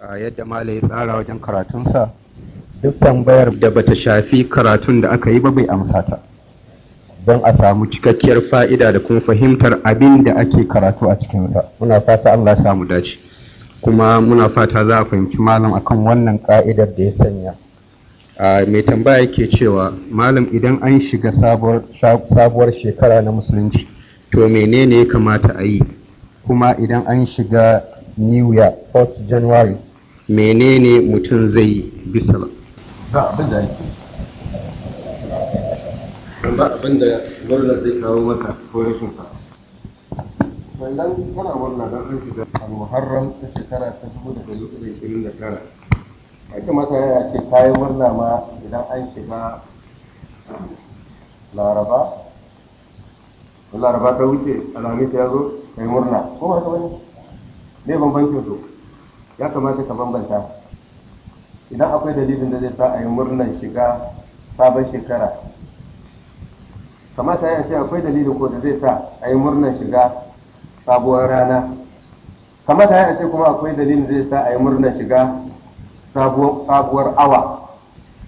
a yadda Malam ya tsara wajen karatunsa duk tambayar da bata shafi karatun da aka yi ba bai amsa ta don a samu cikakkiyar fa'ida da kuma fahimtar abin da ake karatu a cikinsa muna fata Allah ya samu dace kuma muna fata za a fahimci malam akan wannan ka'idar da ya sanya mai tambaya yake cewa malam idan an shiga sabuwar shekara na musulunci to menene ya kamata a yi kuma idan an shiga new year 1st january menene mutum zai yi bisala ba abin da yake ba abin da murnar zai kawo maka ko rashin sa wannan kana murna don an shiga al-muharram ta shekara ta dubu da dari da ishirin da tara ya kamata yana ce kayan murna ma idan an shiga laraba laraba ta wuce alhamis ya zo kai murna ko ba ta bane ne bambancin su ya kamata ka bambanta idan akwai dalilin da zai sa a yi murnar shiga sabon shekara kamata ya ce akwai dalilin ko da zai sa a yi murnar shiga sabuwar rana kamata ya ce kuma akwai dalilin zai sa a yi murnar shiga sabuwar awa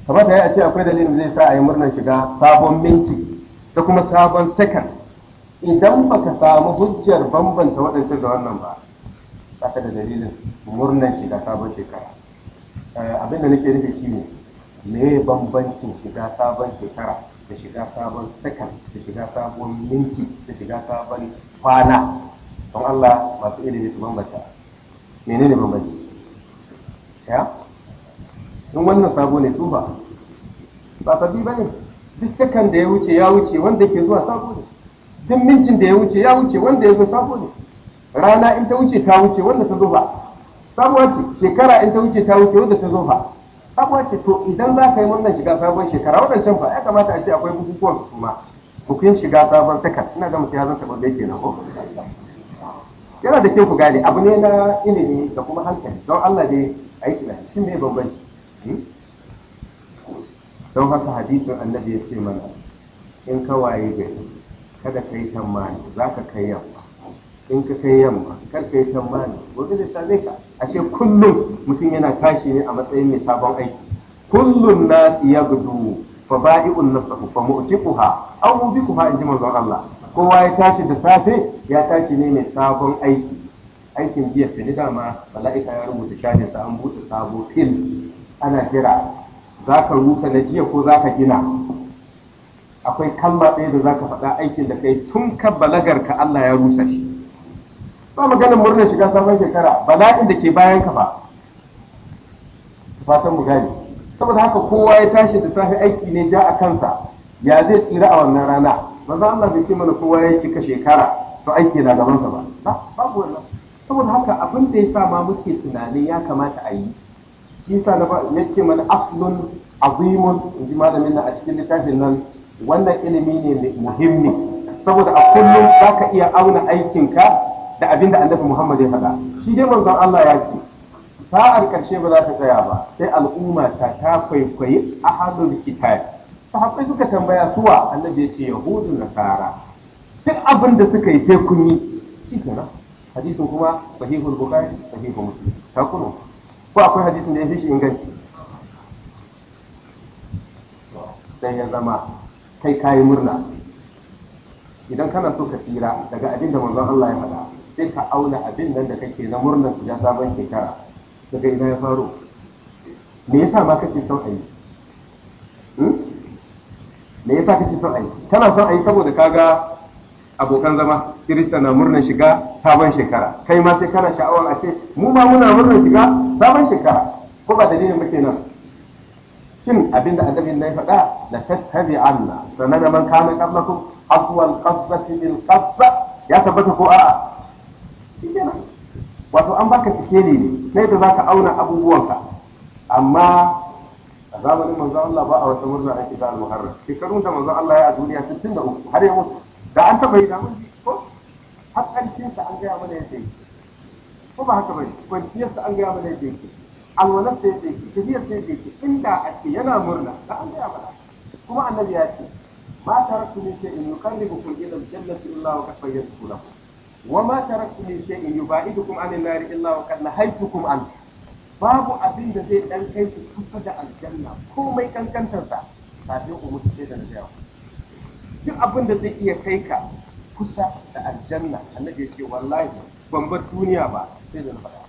kamata ya ce akwai dalilin zai sa a yi murnar shiga sabon minti da kuma sabon second idan baka samu hujjar bambanta waɗancan da wannan ba saka da dalilin murnan shiga sabon shekara eh, abinda nake nufi ne, me bambancin shiga sabon shekara da shiga sabon sakan da shiga sabon minti da shiga sabon kwana don Allah masu ilimi su bambanta menene bambanci ya in wannan sabo ne tuba ba bi bane duk sakan da ya wuce ya wuce wanda ke zuwa sabo ne duk mintin da ya wuce ya wuce wanda ya zo sabo ne rana in ta wuce ta wuce wanda ta zo ba sabuwa ce shekara in ta wuce ta wuce wanda ta zo ba sabuwa ce to idan za ka yi wannan shiga sabon shekara wadancan ba ya kamata a ce akwai bukukuwan su ma bukin shiga sabon takas ina ga mutum ya ba zai bai kenan ko yana da kyau ku gane abu ne na ilimi da kuma hankali don Allah dai a yi tunani shi ne bambanci hmm? don haka hadisin annabi ya ce mana in ka waye gari kada ka yi tamani za ka kai yamma in ka kai yamma kar ka yi tsammani. gobe da ta zai ka ashe kullum mutum yana tashi ne a matsayin mai sabon aiki kullum na ya gudu fa ba'i'un nafsahu fa mu'tiquha aw mubiquha in ji mazan Allah kowa ya tashi da safe ya tashi ne mai sabon aiki aikin jiya ta ni dama mala'ika ya rubuta shafin sa an buɗe sabo fil ana jira za ka rusa na jiya ko za ka gina akwai kalma ɗaya da za ka faɗa aikin da kai tun ka balagar ka Allah ya rusa shi ba ganin murnar shiga sabon shekara bala'in da ke bayan ka ba fatan mu gane saboda haka kowa ya tashi da safe aiki ne ja a kansa ya zai tsira a wannan rana ba za Allah bai ce mana kowa ya cika shekara to aiki na gabansa ba babu wannan saboda haka abin da ya sa ma muke tunani ya kamata a yi shi sa na yake mana aslun azimun in ji malamin na a cikin littafin nan wannan ilimi ne muhimmi saboda a kullum za ka iya auna aikinka da abinda annabi Muhammad ya faɗa shi dai manzon Allah ya ce sa'ar karshe ba za ta tsaya ba sai al'umma ta ta kwaikwayi ahadul kitab sahabbai suka tambaya suwa annabi ya ce yahudu Sara. duk abin da suka yi sai kun yi shi hadisin kuma sahihul bukhari sahihul muslim ta kuno ko akwai hadisin da ya fi shi inganci sai ya zama kai kayi murna idan kana so ka tsira daga abin da manzon Allah ya faɗa sai ka auna abin nan da kake na murnar shiga sabon shekara daga ina ya faro me yasa ma kake son ayi hmm? me yasa kake son ayi kana son ayi saboda kaga abokan zama kirista na murnar shiga sabon shekara kai ma sai kana sha'awar a ce mu ma muna murnar shiga sabon shekara ko ba dalilin muke nan shin abin da azabin na ya faɗa da tattabi sanar da man kana qablakum aswal qasati bil qassa ya tabbata ko a'a wato an baka cike ne na da za ka auna abubuwanka amma a zamanin manzon Allah ba a wata murna ake da al-muharram shekarun da manzon Allah ya a duniya 63 har ya mutu da an taba yi da mun ko har karshen sa an gaya mana yadda yake ko ba haka bane kwanciyar sa an gaya mana yadda yake alwalar sa yadda yake tafiyar sa yadda yake inda a ce yana murna da an gaya mana kuma annabi ya ce ma taraktu min shay'in yuqarribukum ila al-jannati illa wa qad bayyana lakum wa ma taraktu min shay'in yubaidukum an an-nar illa wa qad nahaytukum an babu abin da zai dan kai ku kusa da aljanna komai kankantar sa kafin ku mutu sai da najaya duk abin da zai iya kai ka kusa da aljanna annabi yake wallahi ban bar duniya ba sai da faɗa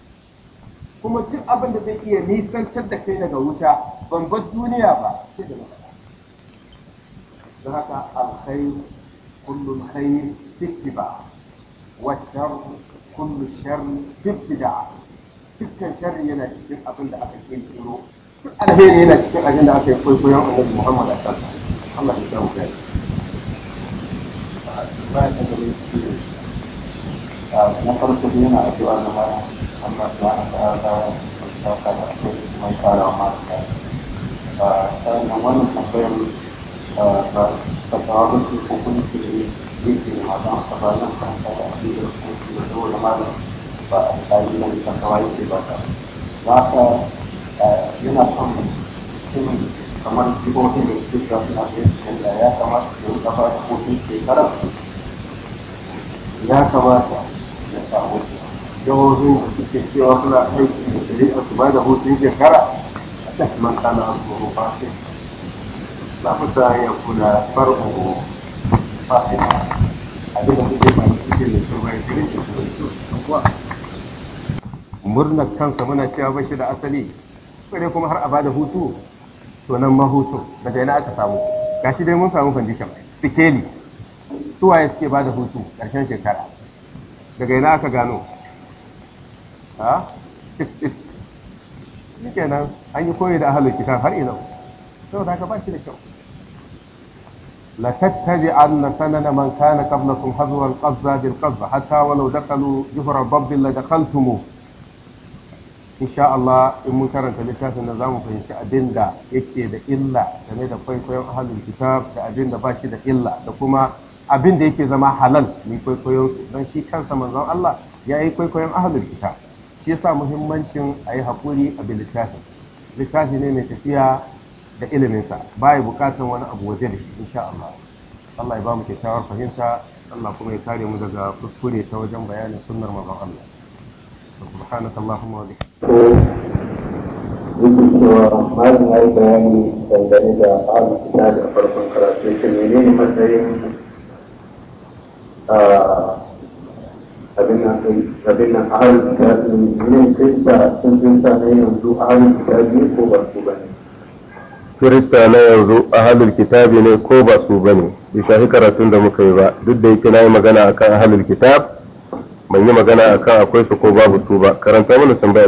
kuma duk abin da zai iya nisantar da kai daga wuta ban bar duniya ba sai da faɗa don haka alkhair kullum khair fittiba والشر كل الشر في ابتداع dukkan sharri yana cikin abin da aka kirkiro duk alheri yana cikin abin da aka yi kwaikwayon annabi Muhammad a kan Allah ya samu kai na farko da yana addu'a na mara Allah subhanahu wa ta'ala ya sauka da alheri kuma ya fara wa mara kai sannan wannan tambayar ba ta kawo ko kuma يمكن هذا أصلا هذا أكيد مسؤول هذا فأيضا كقواعد الإبادة لكن yana son kamar jihohin da suke da suna da ya kamata ya kamata ya samu jihohin da suke cewa suna aiki da shari'a da hutun shekara a cikin man kana ya murnar kansa muna cewa ba shi da asali sai kuma har a bada hutu to nan ma hutu daga ina aka samu gashi dai mun samu condition sikeli waye suke bada hutu ƙarshen shekara daga ina aka gano ha kenan an yi koyi da ahalin kitab har ina saboda haka ba shi da kyau لتتبعن سنن من كان قبلكم حذو القبضة بالقبضة حتى ولو دخلوا جفر الضب لدخلتموه in sha Allah in mun karanta littafin da zamu fahimci abin da yake da illa game da kwaikwayon ahalin kitab da abin da ba shi da illa da kuma abin da yake zama halal ni kwaikwayon su don shi kansa manzon Allah ya yi kwaikwayon ahalin kitab shi yasa muhimmancin a yi haƙuri a bi littafin littafi ne mai tafiya da iliminsa ba ya bukatar wani abu waje da shi insha Allah Allah ya ba mu kyakkyawar fahimta Allah kuma ya kare mu daga kuskure ta wajen bayanin sunnar manzon Allah a اللهم وبحمدك ya yi bayani dangane da al'adu da farkon karatu shi menene matsayin abin nan ahalin kitabi ne kai da sun jinta na yanzu ahalin kitabi ko ba su bane kirista na yanzu ahalul kitabi ne ko ba su ba ne bisa shi karatun da muka yi ba duk da yake na yi magana a akan ahalul kitab ban yi magana a kan akwai su ko babu su ba karanta mana tambaya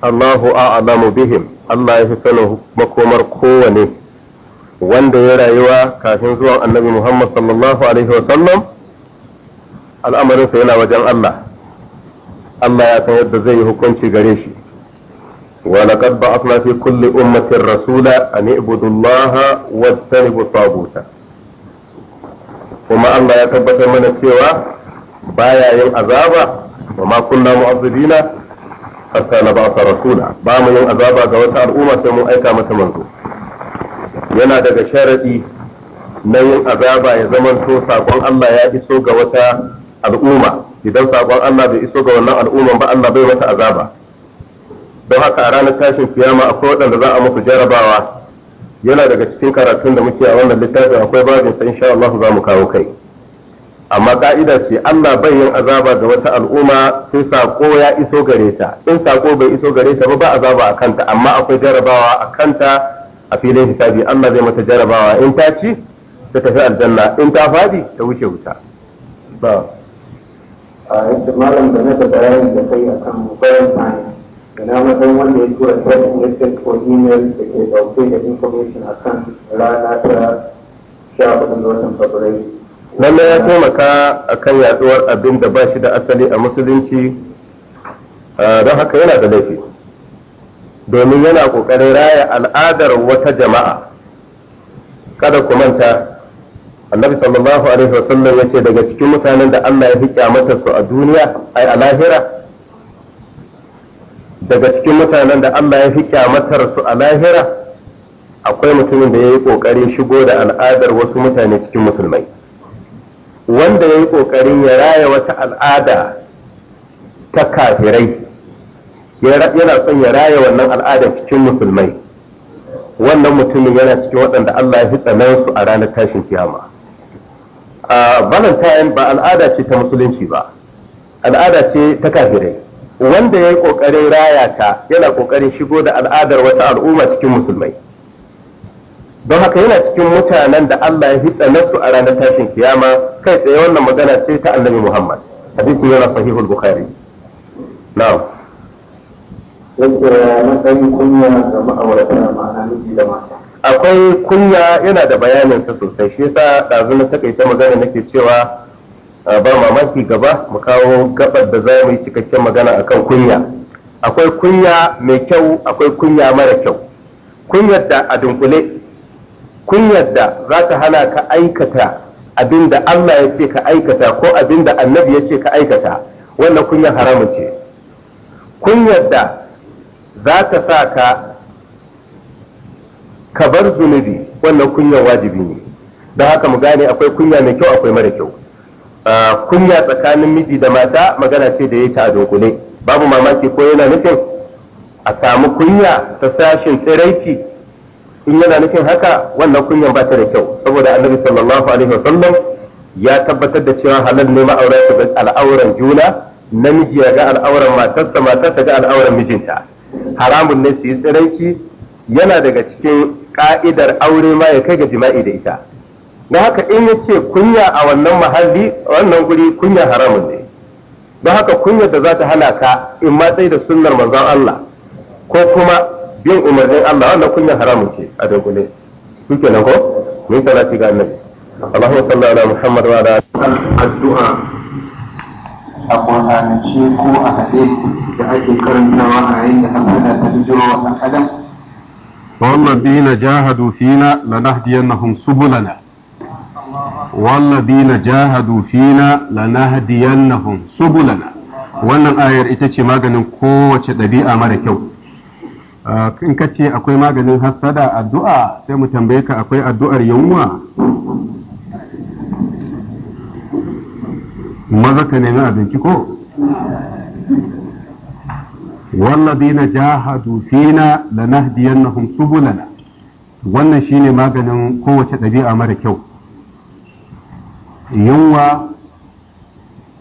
Allahu a'lamu bihim Allah ya fi sanin makomar kowane wanda ya rayuwa kafin zuwan annabi Muhammad sallallahu alaihi wa sallam al'amarinsa yana wajen Allah Allah ya san yadda zai yi hukunci gare shi wa laqad ba'athna fi kulli ummatin rasula an i'budu wa tanibu taguta kuma Allah ya tabbatar mana cewa baya yin azaba wa ma kunna mu'azzibina hatta na rasula ba mu yin azaba ga wata al'umma sai mun aika mata manzo yana daga sharadi na yin azaba ya zamanto sakon Allah ya iso ga wata al'umma idan sakon Allah bai iso ga wannan al'umma ba Allah bai mata azaba don haka a ranar tashin kiyama akwai waɗanda za a musu jarabawa yana daga cikin karatun da muke a wannan littafin akwai babin sa insha Allah za mu kawo kai amma ka'ida ce Allah bai yin azaba ga wata al'umma sai sako ya iso gare ta in sako bai iso gare ta ba ba azaba a kanta amma akwai jarabawa a kanta a filin hisabi Allah zai mata jarabawa in ta ci ta tafi aljanna in ta fadi ta wuce wuta ba a yadda malam da na da bayanin da kai akan bayan fani da na matsayin wanda ya tura text message ko email da ke dauke da information akan rana ta sha hudu da watan fabrairu lalle ya taimaka a kan yaduwar abin da ba shi da asali a musulunci don haka yana da laifi domin yana kokarin raya al'adar wata jama'a kada ku manta annabi sallallahu alaihi wa sallam yace daga cikin mutanen da Allah ya fi kyamata su a duniya ai a lahira daga cikin mutanen da Allah ya fi kyamatar su a lahira akwai mutumin da ya yi ƙoƙarin shigo da al'adar wasu mutane cikin musulmai wanda ya yi ƙoƙarin ya raya wata al'ada ta kafirai yana son ya raya wannan al'ada cikin musulmai wannan mutumin yana cikin waɗanda Allah ya fi su a ranar tashin kiyama valentine ba al'ada ce ta musulunci ba al'ada ce ta kafirai wanda ya yi ƙoƙarin raya ta yana ƙoƙarin shigo da al'adar wata al'umma cikin musulmai don haka yana cikin mutanen da Allah ya hitsa nasu a ranar tashin kiyama kai tsaye wannan magana sai ta annabi Muhammad hadisi yana sahihul bukhari na'am yadda matsayin kunya ga ma'aurata ma'ana miji da mata akwai kunya yana da bayaninsa sosai shi yasa ɗazu na takaita magana nake cewa ba mamaki gaba mu kawo gabar da za mu yi cikakken magana akan kunya akwai kunya mai kyau akwai kunya mara kyau kunyar da a dunkule kunyar da za ta hana ka aikata abin da Allah ya ce ka aikata ko abin da annabi ya ce ka aikata wannan kunyar haramun ce kunyar da za ta sa ka ka bar zunubi wannan kunya wajibi ne da haka mu gane akwai kunya mai kyau akwai mara kyau ah, kunya tsakanin miji da mata magana ce da ya ta a dunkule babu mamaki ko yana nufin a samu kunya ta sashin tsiraici in yana nufin haka wannan kunyan ba ta da kyau saboda annabi sallallahu alaihi wasallam ya tabbatar da cewa halal ne ga al'auran juna namiji ya ga al'auran matarsa matar ta ga al'auran mijinta haramun ne su yi tsiraici yana daga cikin ka'idar aure ma ya kai ga jima'i da ita don haka in ya ce kunya a wannan mahalli wannan guri kunya haramun ne don haka kunya da za ta hana ka in matsayi da sunnar manzon Allah ko kuma bin umarnin Allah wannan kunya haramun ce a dogule ke nan ko mun salati ga annabi Allahumma salli ala Muhammad wa ala addu'a a Qur'anance ko a hade da ake karantawa a yayin da Allah ta bijiro wa adam والذين جاهدوا فينا لنهدينهم سبلنا والذين جاهدوا فينا لنهدينهم سبلنا wannan ayar ita ce maganin kowace ɗabi'a mara kyau ah, in ka ce akwai maganin hassada addu'a sai mu tambaye ka akwai addu'ar yunwa maza ka nemi abinci ko والذين جاهدوا فينا لنهدينهم سبلنا wannan shine maganin kowace ɗabi'a mara kyau yunwa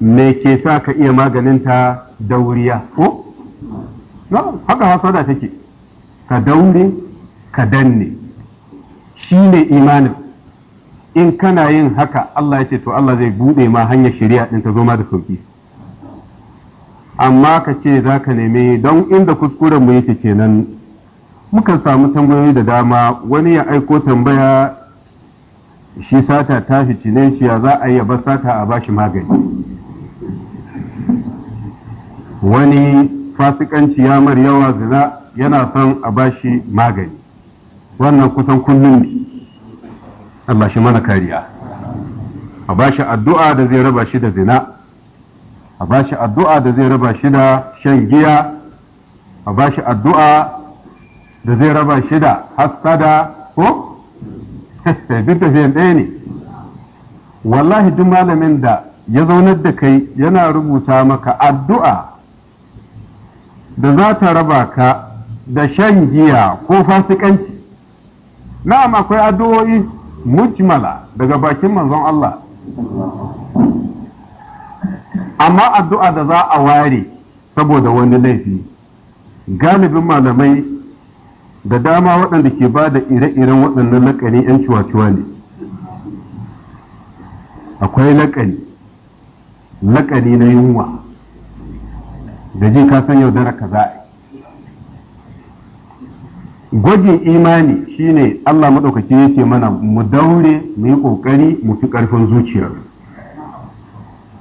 me ke sa ka iya maganinta dauriya ko? haka hasada take ka daure ka danne shine imanin in kana yin haka Allah ya ce to Allah zai buɗe ma hanyar shari'a ɗin ta zo ma da sauki amma ka ce za ka neme don inda kuskuren mu yake kenan muka samu tambayoyi da dama wani ya aiko tambaya shi sata tashi cine shi ya za a yi bar sata a bashi magani wani fasikanci ya mar yawa zina yana son a bashi magani wannan kusan kullum ne Allah shi mana kariya a bashi addu'a da zai raba shi da zina a bashi addu'a da zai raba shi da shan giya a bashi addu'a da zai raba shi da hassada ko duk da ɗaya ne wallahi duk malamin da ya zaunar da kai yana rubuta maka addu'a da za ta raba ka da shan giya ko fasikanci na'am akwai addu'o'i mujmala daga bakin manzon Allah amma addu'a da za a ware saboda wani laifi galibin malamai da dama waɗanda ke ba da ire-iren waɗannan laƙani 'yan ciwa-ciwa ne akwai laƙani laƙani na yunwa da ji ka san yaudara ka za a gwajin imani shine Allah maɗaukaki yake mana mu daure mu yi ƙoƙari mu fi ƙarfin zuciyar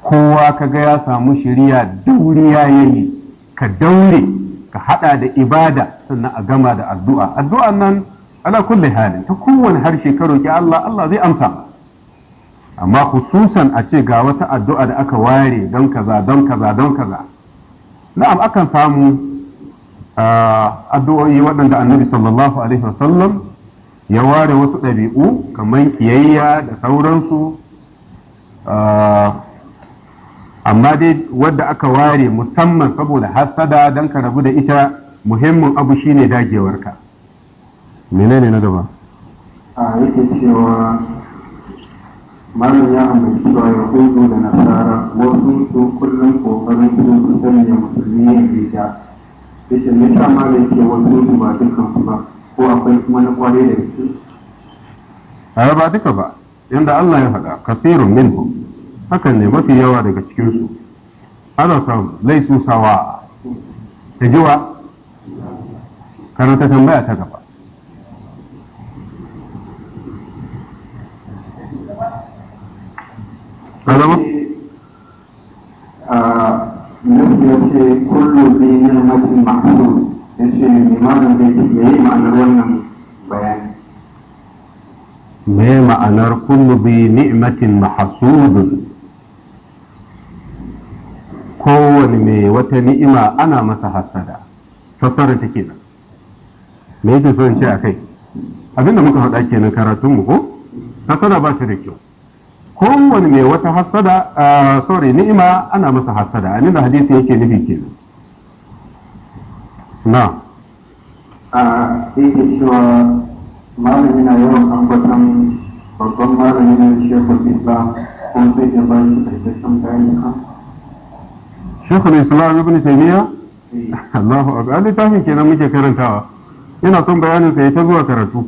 kowa kaga ya samu shiriya ya yayi ka daure ka hada da ibada sannan a gama da addu'a addu'a nan ala kulli halin ta kowane harshe ka roki Allah Allah zai amsa amma kususan a ce ga wata addu'a da aka ware don kaza don kaza don kaza na'am akan samu addu'o'i waɗanda annabi sallallahu alaihi wasallam ya ware wasu ɗabi'u kamar kiyayya da sauransu amma dai wadda aka ware musamman saboda hasada don ka rabu da ita muhimmin abu shine dagewarka menene na gaba a yake cewa malam ya ambaci cewa kudu da nasara wasu su kullum kokarin su sanya musulmi ya gida yake ne ta malam ke wasu su ba dukkan su ba ko akwai kuma na kware da su a ba duka ba inda Allah ya faɗa kasirun minhum hakan ne mafi yawa daga cikinsu ana samu laisu sawa ta jiwa karanta tambaya ta gaba Kalama? Nabi ya ce kullum bi yin mutum masu ya ce limanin da ya yi ma'anar wannan bayani. Me ma'anar kullu bi ni'matin mahsudun kowane mai wata ni'ima ana masa hasada fassara ta kenan me yake so ce a kai abinda muka faɗa kenan karatun mu ko hasada ba shi da kyau kowane mai wata hasada ah, sorry ni'ima ana masa hasada a nuna hadisi yake nufi kenan na a ah, yake cewa malami na yawan ambatan babban malami na shekul islam kuma zai iya bayan shi da kayan shekul islam ibn taymiya eh. Allahu ta littafin kenan muke karantawa yana son bayanin sa ta zuwa karatu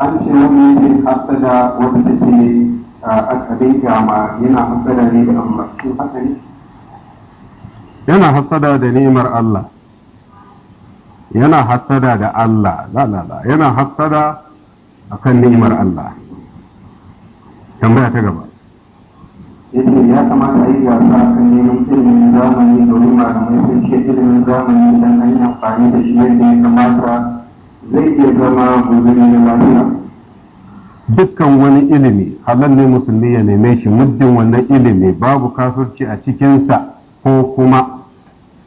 an ce wani ne wanda a ma yana hasada ne da amma yana da ni'imar Allah yana hasada da Allah la la la yana hasada akan ni'imar Allah tambaya ta gaba yake ya kamata yi wasa kan neman ilimin zamani domin malamai sun ce ilimin zamani idan an yi amfani da shi yadda ya kamata zai iya zama guzuri na lafiya dukkan wani ilimi halal ne musulmi ya neme shi muddin wannan ilimi babu kafirci a cikinsa ko kuma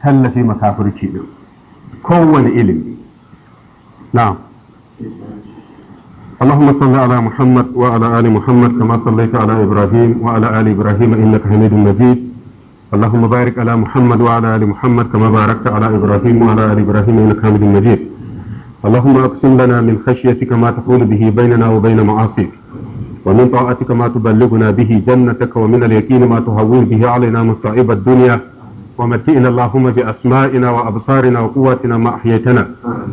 tallafi makafirci din kowane ilimi na اللهم صل على محمد وعلى آل محمد كما صليت على إبراهيم وعلى آل إبراهيم إنك حميد مجيد اللهم بارك على محمد وعلى آل محمد كما باركت على إبراهيم وعلى آل إبراهيم إنك حميد مجيد اللهم أقسم لنا من خشيتك ما تقول به بيننا وبين معاصيك ومن طاعتك ما تبلغنا به جنتك ومن اليقين ما تهون به علينا مصائب الدنيا ومتئنا اللهم بأسمائنا وأبصارنا وقواتنا ما أحييتنا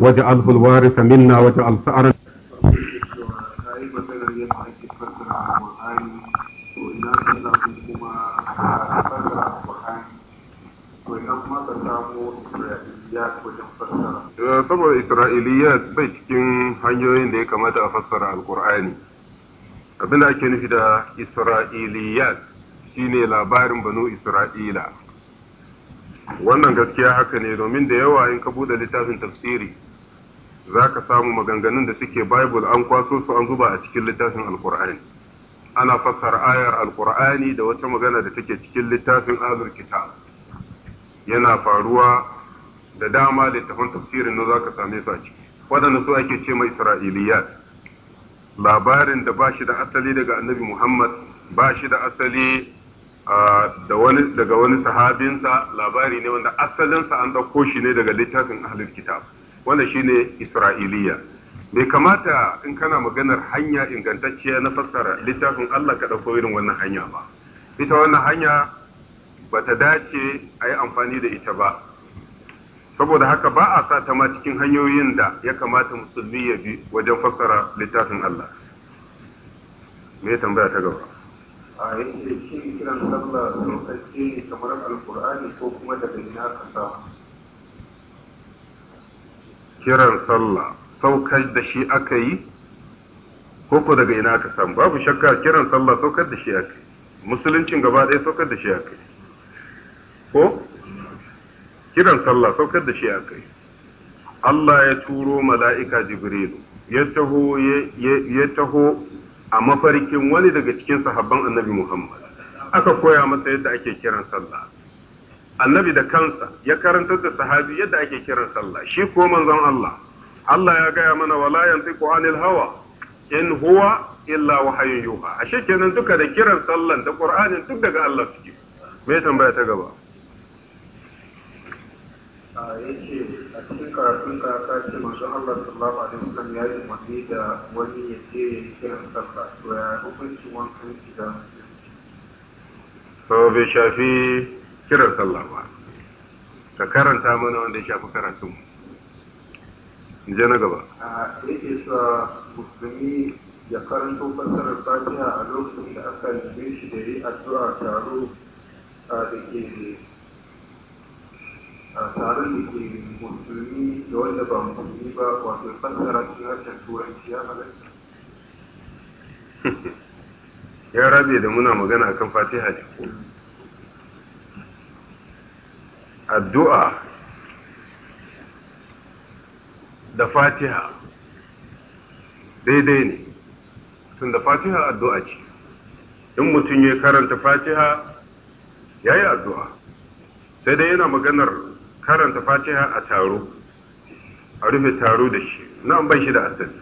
واجعله الوارث منا واجعل ثأرنا Eh, saboda isra'iliyat bai cikin hanyoyin da ya kamata a fassara alkur'ani abinda ake nufi da isra'iliyat shine labarin banu isra'ila wannan gaskiya haka ne domin da yawa in ka bude littafin tafsiri za ka samu maganganun da suke bible an kwaso su an zuba a cikin littafin alkur'ani ana fassara ayar alkur'ani da wata magana da take cikin littafin azur yana faruwa da dama littafin tafsirin na ka same su a ciki waɗanda su ake ce mai isra'iliya labarin da ba shi da asali daga annabi muhammad ba shi da asali daga wani sahabinsa labari ne wanda asalinsa an ɗauko shi ne daga littafin ahlul kitab wanda shine isra'iliya bai kamata in kana maganar hanya ingantacciya na fassara littafin allah ka ɗauko irin wannan hanya ba ita wannan hanya ba ta dace a yi amfani da ita ba saboda haka ba a sa ta ma cikin hanyoyin da ya kamata musulmi ya bi wajen fassara littafin Allah me tambaya ta gaba a yake shi kiran sallah tsarkake ne kamar alkur'ani ko kuma daga ina ka kiran sallah saukar da shi aka yi ko ko daga ina ka samu babu shakka kiran sallah saukar da shi aka yi musuluncin gaba ɗaya saukar da shi aka yi ko kiran sallah saukar da shi a kai Allah ya turo mala'ika Jibrilu ya taho ya taho a mafarkin wani daga cikin sahabban annabi Muhammad aka koya masa yadda ake kiran sallah annabi da kansa ya karantar da sahabi yadda ake kiran sallah shi ko manzon Allah Allah ya gaya mana wala yantiqu anil hawa in huwa illa wahayun yuha ashe kenan duka da kiran sallan da Qur'anin duk daga Allah suke me tambaya ta gaba A yake a cikin karatun ka ce masu Allah sallallahu alaihi wasallam ya yi umarni da wani ya je ya kiran sallah to ya hukunci wankan idan to bai shafi kiran sallah ba ka karanta mana wanda ya shafi karatun je na gaba A yake sa musulmi ya karanto fasarar fatiha a lokacin da aka yi shi da yi addu'a taro da ke a taron da ke musulmi da wanda ba musulmi ba wato fassara cikin harshen turanci ya halatta ya rabe da muna magana kan fatiha ne addu'a da fatiha daidai ne tun da fatiha addu'a ce in mutum ya karanta fatiha ya yi addu'a sai dai yana maganar karanta fatiha a taro a rufe taro da shi nan ba shi da asali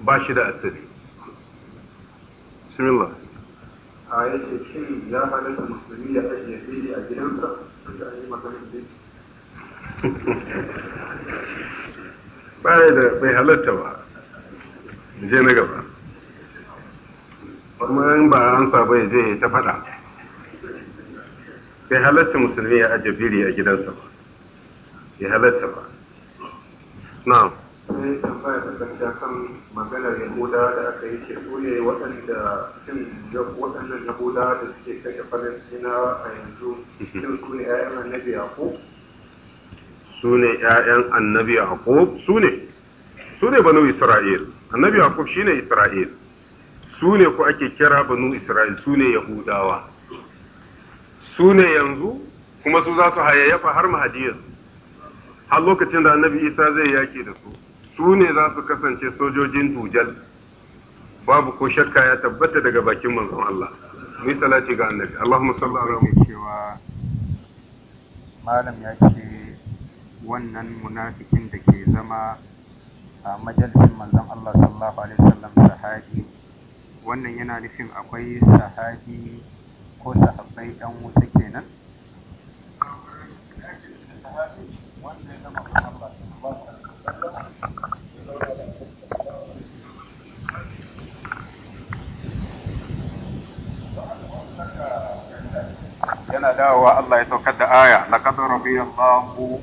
ba shi da asali bismillah a yace shin ya halatta musulmi ya ajiye fili a gidansa da a yi magana ba da bai halatta ba je na gaba kuma in ba an sa bai je ta faɗa bai halatta musulmi ya ajiye biri a gidansa ba bai halatta ba na'am sai tambaya ta kanta kan maganar yahuda da aka yi ke ne waɗanda cin waɗannan yahuda da suke kashe falastina a yanzu cin su ne 'ya'yan annabi ko? su ne 'ya'yan annabi ko? su ne su ne banu isra'il annabi ko shi ne isra'il su ne ku ake kira banu isra'il su ne yahudawa su ne yanzu kuma su za su hayayyafa har mahadiyar har lokacin da annabi isa zai yaki da su su ne za su kasance sojojin dujal babu ko shakka ya tabbata daga bakin manzon Allah mu salati ga annabi Allahumma salli ala cewa malam ya ce wannan munafikin da ke zama a majalisin manzon Allah sallallahu alaihi wasallam sahabi wannan yana nufin akwai sahabi ko sahabbai yan wuta kenan yana dawowa Allah ya saukar da aya na radiyallahu rabiyar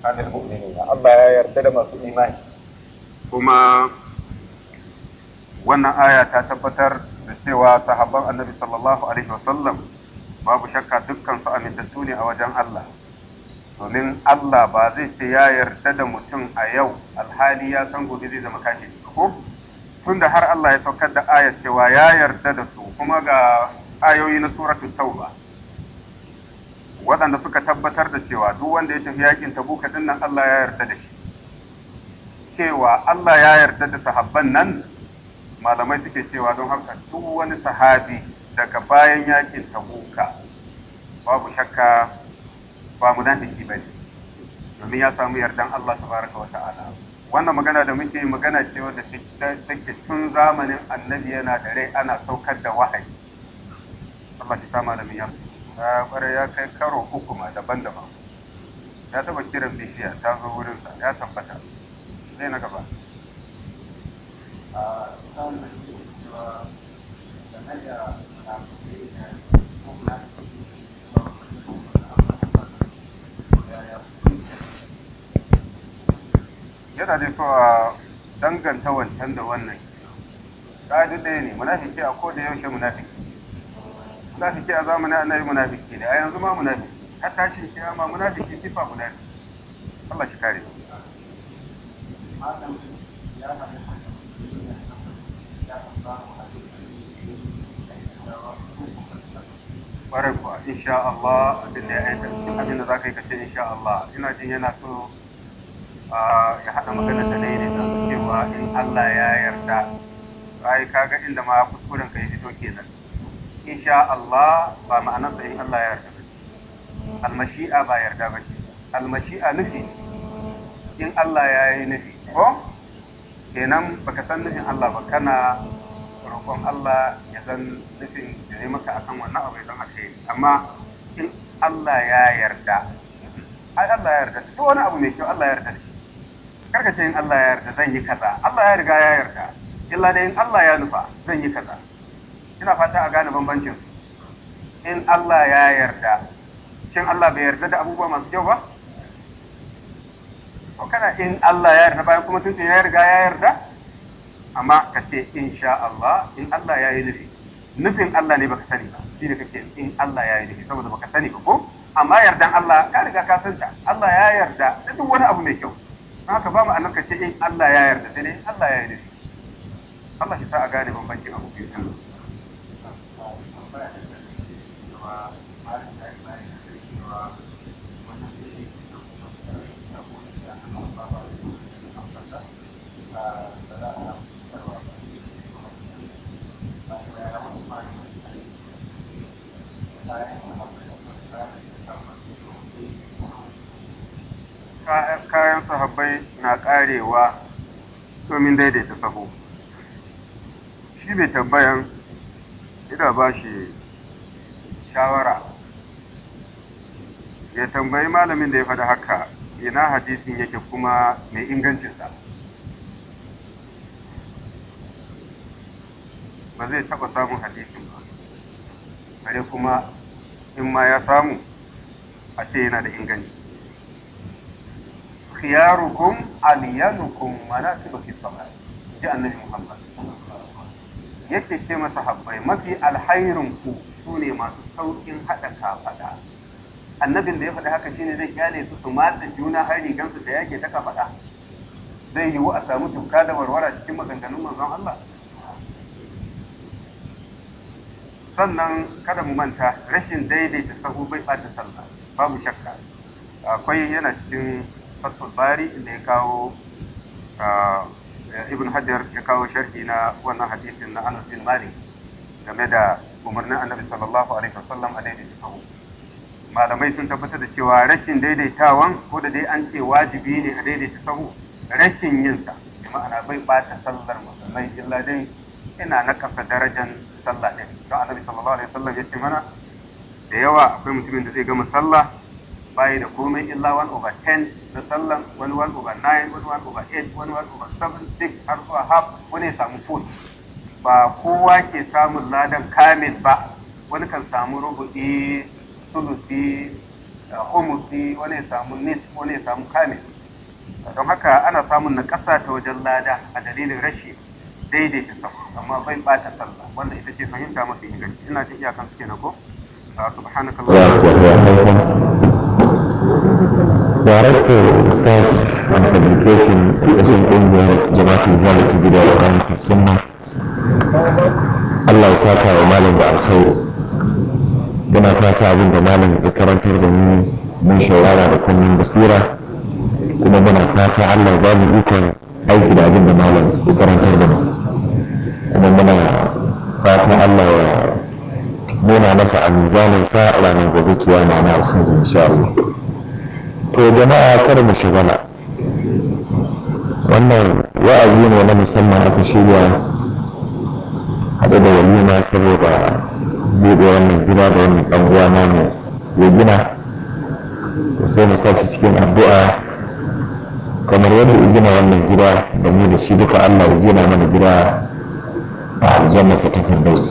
anil ne Allah ya yarda da masu imani kuma wannan aya ta tabbatar da cewa sahabban annabi sallallahu alaihi wasallam babu shakka dukkan su amintattu ne a wajen Allah domin Allah ba zai ce ya yarda da mutum a yau alhali ya san gobe zai zama kashi. ko tunda har Allah ya saukar da ayar cewa ya yarda da su kuma ga ayoyi na suratul tauba waɗanda suka tabbatar da cewa duk wanda ya tafi yakin tabuka dinnan Allah ya yarda da shi cewa Allah ya yarda da sahabban nan malamai suke cewa don haka duk wani sahabi daga bayan yakin tabuka babu shakka ba mu dan dake bane domin ya samu yardan Allah tabaraka wa ta'ala wannan magana da muke magana ce wanda take tun zamanin annabi yana da rai ana saukar da wahayi Allah ya sama da miyan bare ya kai karo uku ma daban-daban ya taba kiran bishiya ta zo wurinsa ya tabbata zai na gaba yana da cewa danganta wancan da wannan ƙa'adu ɗaya ne munafiki a ko da yaushe munafiki munafiki a zamanin annabi munafiki ne a yanzu ma munafiki har tashin ma munafiki sifa munafiki Allah shi kare mu Kwarai kuwa, insha Allah abin da ya aika, abin da za ka yi kace insha Allah. Ina jin yana so ya haɗa maganar da na yi ne da cewa in Allah ya yarda. Ai, kaga inda ma kuskuren ka yi fito kenan. Insha Allah ba ma'anarsa in Allah ya yarda ba ce. Almashi'a ba yarda ba ce. Almashi'a nufi in Allah ya yi nufi. Ko? Kenan baka san nufin Allah ba kana roƙon Allah ya zan nufin da ya maka akan wannan abu ya zama shi amma in Allah ya yarda ai Allah ya yarda duk wani abu mai kyau Allah ya yarda da shi karka ce in Allah ya yarda zan yi kaza Allah ya riga ya yarda illa dai in Allah ya nufa zan yi kaza ina fata a gane bambancin in Allah ya yarda shin Allah bai yarda da abubuwa masu kyau ba ko kana in Allah ya yarda bayan kuma tun ya riga ya yarda amma ka ce insha Allah in Allah ya yi nufi nufin Allah ne baka sani ba shi ne kake in Allah ya yi nufi saboda baka sani ba ko amma yardan Allah ka riga ka san ta Allah ya yarda da duk wani abu mai kyau haka ba mu ma'anar ka ce in Allah ya yarda sai ne Allah ya yi nufi Allah shi sa a gane bambancin abu biyu din kayan sahabbai na karewa domin daidaita sahu shi mai tambayan ina ba shi shawara ya tambayi malamin da ya faɗi haka ina hadisin yake kuma mai ingancinsa ba zai taɓa samun hadisin ba bare kuma in ma ya samu a ce yana da inganci khiyarukum aliyanukum mana su baki sama ji annabi muhammad yake ce masa habbai mafi alhairin ku ne masu sauƙin haɗa kafaɗa annabin da ya faɗi haka shine zai kyale su su matsa juna har rigansu da yake ta kafaɗa zai yiwu a sami tuka da warwara cikin maganganun manzon Allah sannan kada mu manta rashin daidaita sahu bai bata sallah babu shakka akwai yana cikin fathul bari da ya kawo ibn hajar ya kawo sharhi na wannan hadisin na anas bin malik game da umarnin annabi sallallahu alaihi wasallam a daidaita sahu malamai sun tabbatar da cewa rashin daidaitawan ko da dai an ce wajibi ne a daidaita sahu rashin yin sa bi ma'ana bai bata sallar musulmai illa dai ina na kafa darajar sallah din don annabi sallallahu alaihi wasallam ya ce mana da yawa akwai mutumin da zai gama sallah bayi da komai illa one over ten da sallan wani 1 over 9 wani wani over 8 wani wani over 7 6 har zuwa half wani ya samu full ba kowa ke samun ladan kamil ba wani kan samu rubuɗi sulusi homusi wani ya samu nis wani ya samu kamil don haka ana samun na ƙasa ta wajen lada a dalilin rashi daidaita sa amma bai bata sallah wanda ita ce fahimta mafi inganci ina jin iyakan suke na ko Director Research and Education ƙasar ƙungiyar jama'atul zalunci gida da kan sunna Allah ya saka wa malam da alkhairi muna fata abin da malam ya karantar da ni mun shawara da kunnen basira kuma muna fata Allah ya ba mu ikon aiki da abin da malam ya karantar da mu kuma muna fata Allah ya nuna masa a mizanin sa ranar gobe kiyama na alkhairi insha Allah to eh, jama'a kar mu shagala wannan wa'azi ne na musamman aka shirya haɗe da walima saboda buɗe wannan gida da wani ɗan uwa namu ya gina to sai mu sa cikin addu'a kamar yadda ya gina wannan gida da mu da shi duka Allah ya gina mana gida a aljanna sa ta Firdaus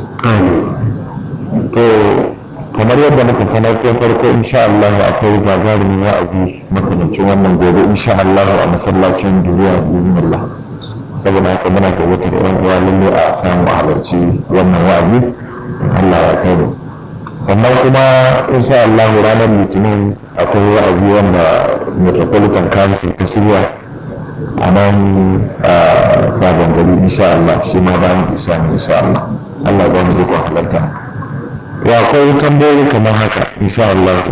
kamar yadda muka sanar tun farko insha Allah akwai gagarumin wa'azi makamancin wannan gobe insha Allah a masallacin duniya Allah saboda haka muna tabbatar yan uwa lalle a samu halarci wannan wa'azi Allah ya kai mu sannan kuma insha Allah ranar litinin akwai wa'azi wanda metropolitan council ta shirya a nan sabon gari insha Allah shi ma bayan isa ne insha Allah Allah ya ba mu halarta ya akwai tambayoyi kamar haka insha Allah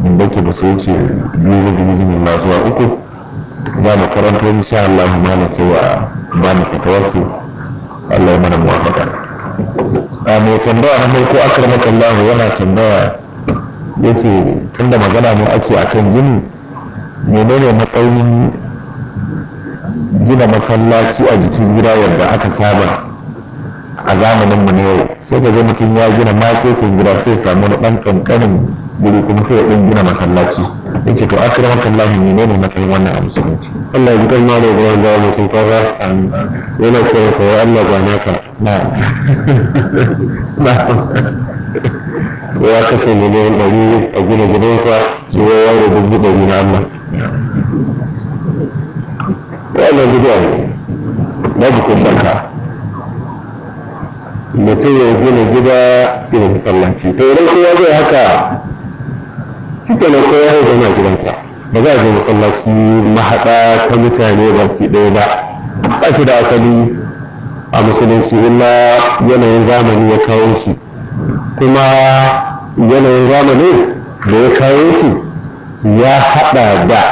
mun ke ba su wuce biyu da izinin na zuwa uku za mu karanta insha Allah mana sai wa ba mu fatawarsu Allah ya mana muwafaka a mai tambaya na farko maka Allah yana tambaya ya ce tun da magana mu ake a kan gini menene matsayin gina masallaci a jikin gida yadda aka saba a zamanin mu ne sai ga mutum ya gina makokin gida sai samu na dan kankanin guri kuma sai ya gina masallaci in to akira maka lahi ne ne na kai wannan a musulunci. Allah ya ji kalma da ruwan da mutum ta yana cewa ko Allah ba naka. Na. Na. Ya kashe miliyan ɗari a gina gidansa su ya yaro dubu ɗari na Allah. Wannan bidiyon ne. Babu ko shakka. mutum ya gina gida gina masallaci to idan kowa zai haka cikin na kowa ya zama gidansa ba za a je masallaci mahaɗa ta mutane ke ɗaya ba ba shi da asali a musulunci illa yanayin zamani ya kawo shi kuma yanayin zamani da ya kawo shi ya haɗa da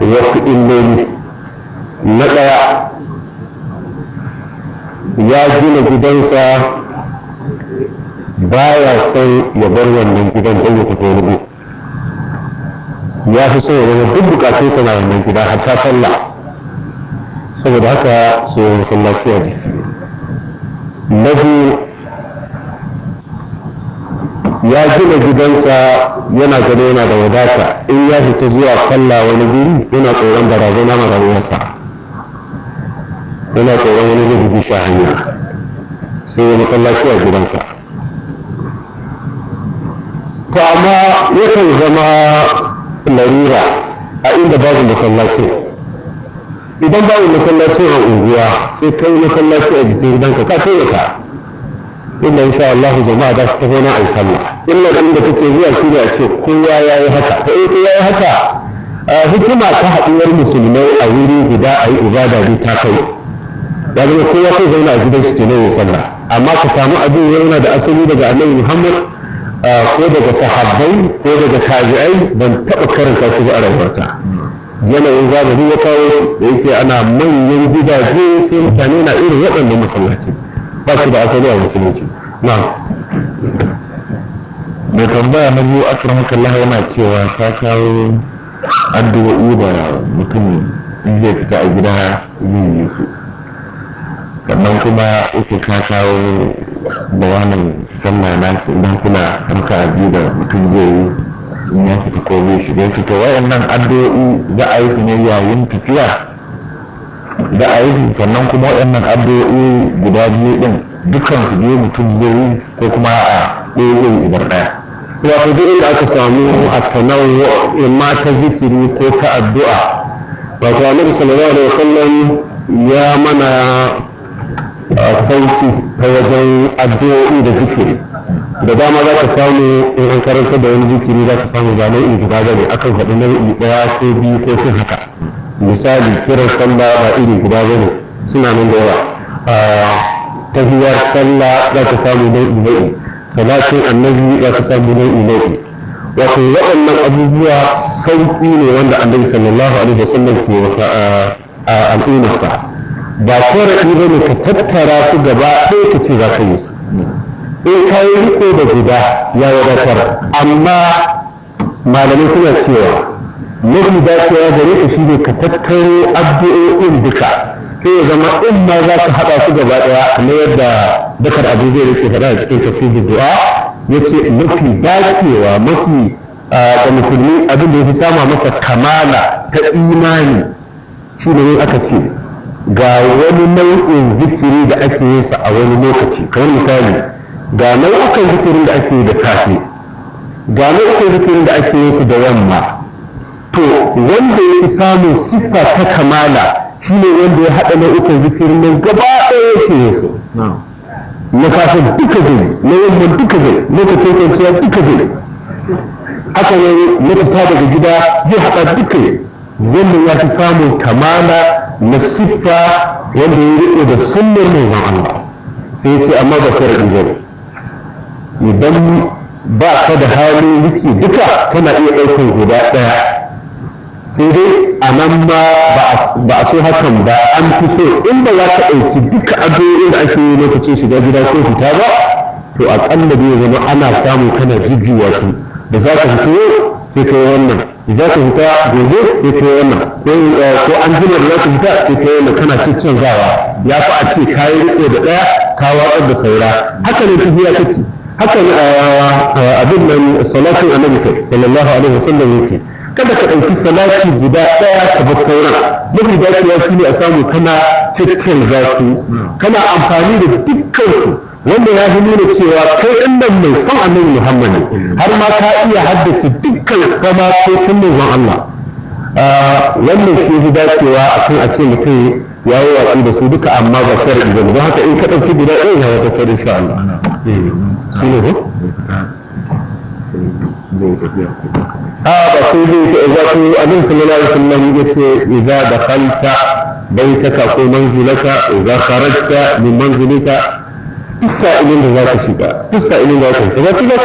wasu illoli na ɗaya ya gina gidansa baya son ya bar wannan gidan don ya tafi wani ya fi son ya zama duk bukatun ka na wannan gida har ta sallah saboda haka sai ya masallaci a jiki na ya gina gidansa yana gado yana da wadata in ya fita zuwa sallah wani guri yana tsoron barazana ma rayuwarsa yana tsoron wani zai bugi shi hanya sai wani masallaci a gidansa to amma yakan zama larira a inda babu masallacin idan babu masallacin a unguwa sai kai masallaci a jikin gidanka ka sai ka inda insha Allah jama'a za su tafi na alƙalla illa inda kake zuwa shi ne a ce kowa ya yi haka to in kowa ya yi haka hikima ta haɗuwar musulmai a wuri guda a yi ibada ta kai ya zama kowa sai zauna a gidan shi kenan ya sallah amma ka samu abin yana da asali daga annabi Muhammad ko daga sahabbai ko daga tabi'ai ban taɓa karanta su ba a rayuwata yanayin zamani ya kawo da yake ana manyan gidaje sai mutane na irin waɗannan masallaci ba su da asali a musulunci na mai tambaya na biyu akramakallah yana cewa ta kawo addu'o'i da mutum in zai fita a gida zai yi su sannan kuma uku ta kawo wannan sannan na idan kuna ɗauka abu da mutum zai yi in ya fita ko zai shiga fita nan addu'o'i za a yi su ne yayin tafiya da a yi sannan kuma wayannan addu'o'i guda biyu din dukkan su biyu mutum zai yi ko kuma a ɗaya zai yi idan ɗaya wato duk inda aka samu a tanawu imma ta zikiri ko ta addu'a wato annabi sallallahu alaihi wasallam ya mana sauki ta wajen addu'o'i da zikiri da dama za ka samu in an karanta da wani zikiri za ka samu ba nau'in guda ba ne akan faɗi nau'i ɗaya ko biyu ko fin haka misali kiran sallah ba iri guda ba ne suna nan da yawa tahiyar sallah za ka samu nau'i nau'i salatin annabi za ka samu nau'i nau'i wato waɗannan abubuwa sauƙi ne wanda annabi sallallahu alaihi wasallam ke wasa al'ummarsa ba sharaɗi ba ne ka tattara su gaba ɗaya ka ce za ka yi su in eh, ka yi riko da guda ya wadatar amma malamai suna cewa mafi dacewa gare ka ne ka tattaro addu'o'in duka sai ya zama in ma za ka haɗa su gaba ɗaya kamar yadda dakar abu zai rike faɗa a cikin tafsirin du'a ya ce mafi dacewa mafi da musulmi abin da ya fi sama masa kamala ta imani shi ne aka ce ga wani nau'in zikiri da ake yin sa a wani lokaci kamar misali ga nau'ukan zikirin da ake yi da safe ga nau'ukan zikirin da ake yin su da yamma to wanda ya fi samun siffa ta kamala shi ne wanda ya haɗa nau'ukan zikirin nan gaba ɗaya shi ne su na safe duka zai na yamma duka zai lokacin kwanciya duka zai haka ne na fita daga gida zai haɗa duka wannan ya fi samun kamala na siffa wanda ya riƙe da sunnar manzon Allah sai ce amma ba sai riƙe idan ba ka da hali riki duka kana iya ɗaukar guda ɗaya sai dai a nan ma ba a so hakan ba an fi so inda ba za ka ɗauki duka addu'o'in da ake yi lokacin shiga gida ko fita ba to aƙalla zai zama ana samun kana jujjuwa su da za ka fito sai kai wannan za ka fita gobe sai kai wannan eh, ko an jima da za ka fita sai kai wannan kana cikin canzawa ya fi a ce kayi riko da ɗaya ka watsar da saura haka ne tafiya ce haka ne eh, eh, abin nan salatin annabi kai sallallahu alaihi wasallam yake kada ka ɗauki salati guda ɗaya ka bar sauran mafi dacewa shi ne a samu kana cikin zafi kana amfani da dukkan wanda ya fi nuna cewa kai ɗan nan mai son annabi Muhammadu, har ma ka iya haddace dukkan sama ko tun manzon Allah ah, wannan shi fi dacewa akan a ce mutum ya yi watsi da su duka amma ba sharri ba don haka in ka ɗauki guda ɗaya ya wata sharri sha Allah eh, shi ne ko a ah, ba sai zai ta iza abin sallallahu alaihi wasallam yace idza dakhalta baitaka ko manzilaka idza kharajta min manzilika iska ilin da za ka shiga iska ilin da za ka shiga ba za ka tafiya ba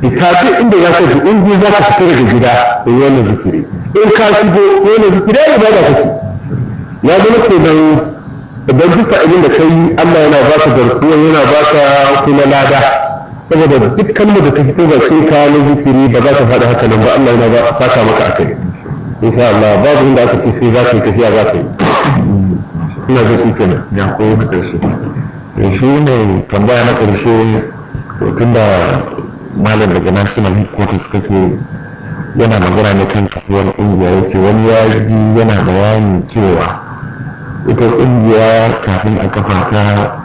ka duk inda za ka ji in ji za ka fita daga gida da wannan zikiri in ka shigo wannan zikiri ya ba ka ci ya zama ke nan idan bisa abin da kai Allah yana ba ka garkuwa yana ba ka kuma lada saboda duk kalmar da ta fito ba ce ka na zikiri ba za ka faɗi haka nan ba Allah yana ba ka saka maka akai insha Allah babu inda aka ce sai za ka yi tafiya za ka yi ina zai kenan ya koyi mata shi da eh, shi ne tambaya na ƙarshe hotun da malam daga national headquarters kake yana magana ne kan kasuwar ƙungiya ya ce wani ya ji yana bayani cewa ita ƙungiya kafin a kafa ta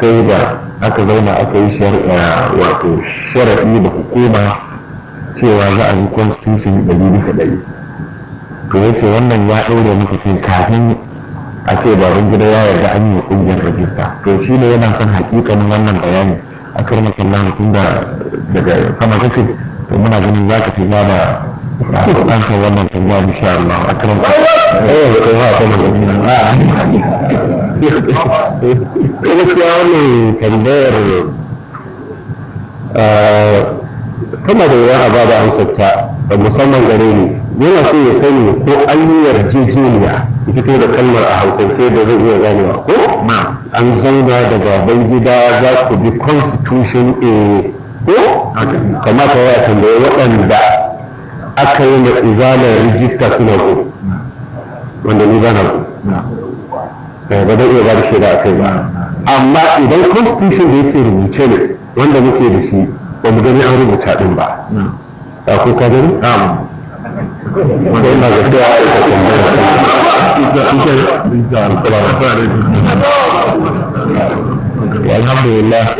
sai da aka zauna aka yi shari'a wato sharaɗi da hukuma cewa za a yi constitution ɗari bisa ɗari to ya ce wannan ya ɗaure musu kafin a ce baban gida ya yarda an yi kungiyar rajista to shi ne yana son hakikanin wannan bayani a karmar kallon tun da daga sama kake to muna ganin za ka fi eh, eh, ba da an san wannan tambaya insha Allah a karmar eh ko ha ko mun gani a gaskiya wannan tambayar tana da yawa a bada amsar da musamman gare ni yana so ya sani ko an yi yarjejeniya fito da kalmar a hausance da zai iya ganewa ko an zauna da baban gida za ku bi constitution a ko kamata ya tambaye waɗanda aka yi na izalar rijista suna ko wanda ni ba na ko eh, ba zai iya ba da shaida a kai ba amma idan constitution da yake rubuce ne wanda muke da shi ba mu gani an rubuta din ba ko ka gani? Na'am. Wanda ina ga cewa aikatan da alhamdulillah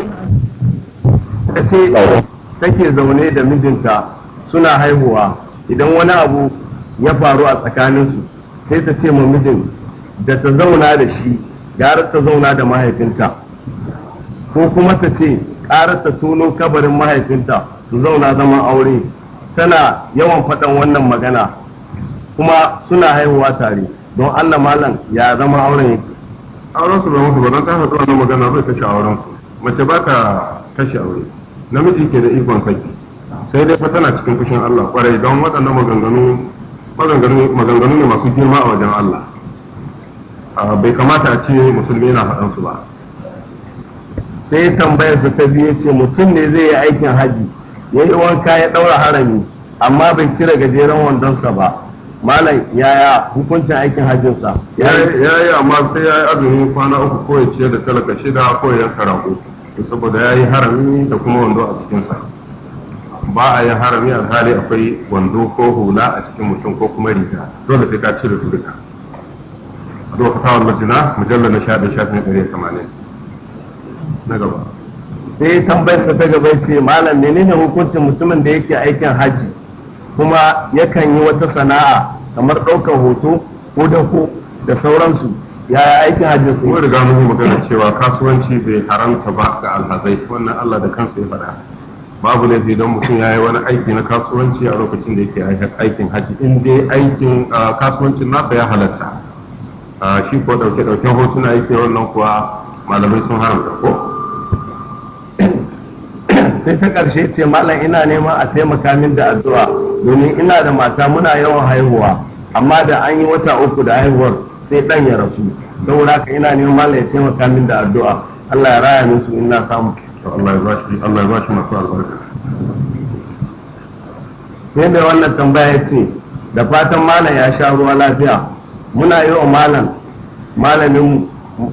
take zaune da mijinta suna haihuwa idan wani abu ya faru a tsakaninsu sai ta ce ma mijin da ta zauna da shi ya ta zauna da mahaifinta ko kuma ta ce ƙara ta tono kabarin mahaifinta su zauna zaman aure tana yawan faɗan wannan magana kuma suna haihuwa tare don Allah malam ya zama auren yake auren su zama su ba don ta haɗu wannan magana zai kashe auren mace ba ta kashe aure namiji ke da ikon saki sai dai fa tana cikin fushin Allah kwarai don waɗannan maganganu maganganu ne masu girma a wajen Allah bai kamata a ce musulmi na faɗan su ba sai tambayar su ta biyu ce mutum ne zai yi aikin haji ya yi wanka ya ɗaura harami amma bai cire gajeren wandonsa ba malam yaya hukuncin aikin hajjinsa ya yi amma sai ya yi azumin kwana uku ko ya ciyar da talaka shida ko ya yanka rago saboda ya yi harami da kuma wando a cikinsa ba a yi harami a hali akwai wando ko hula a cikin mutum ko kuma riga dole sai ka da su duka a duka fatawar majina mujallar na shaɗin shafin ɗari tamanin na gaba sai tambayar ta gaba ce malam menene hukuncin mutumin da yake aikin haji kuma yakan yi wata sana'a kamar ɗaukar hoto ko ko da sauransu yaya aikin hajjin su yi. riga mun yi magana cewa kasuwanci bai haramta ba ga alhazai wannan Allah da kansa ya faɗa babu ne don mutum ya yi wani aiki na kasuwanci a lokacin da yake aikin hajji in dai aikin kasuwancin nasa ya halatta shi ko ɗauke ɗauken hotuna yake wannan kuwa malamai sun haramta ko sai ta ƙarshe ce malam ina neman a taimaka min da addu'a domin ina da mata muna yawan haihuwa amma da an yi wata uku da haihuwar sai dan ya rasu saboda haka ina neman malam ya taimaka min da addu'a Allah ya raya min su in na samu Allah ya bashi Allah ya bashi masu albarka sai da wannan tambaya ya ce da fatan malam ya sha ruwa lafiya muna yi wa malam malamin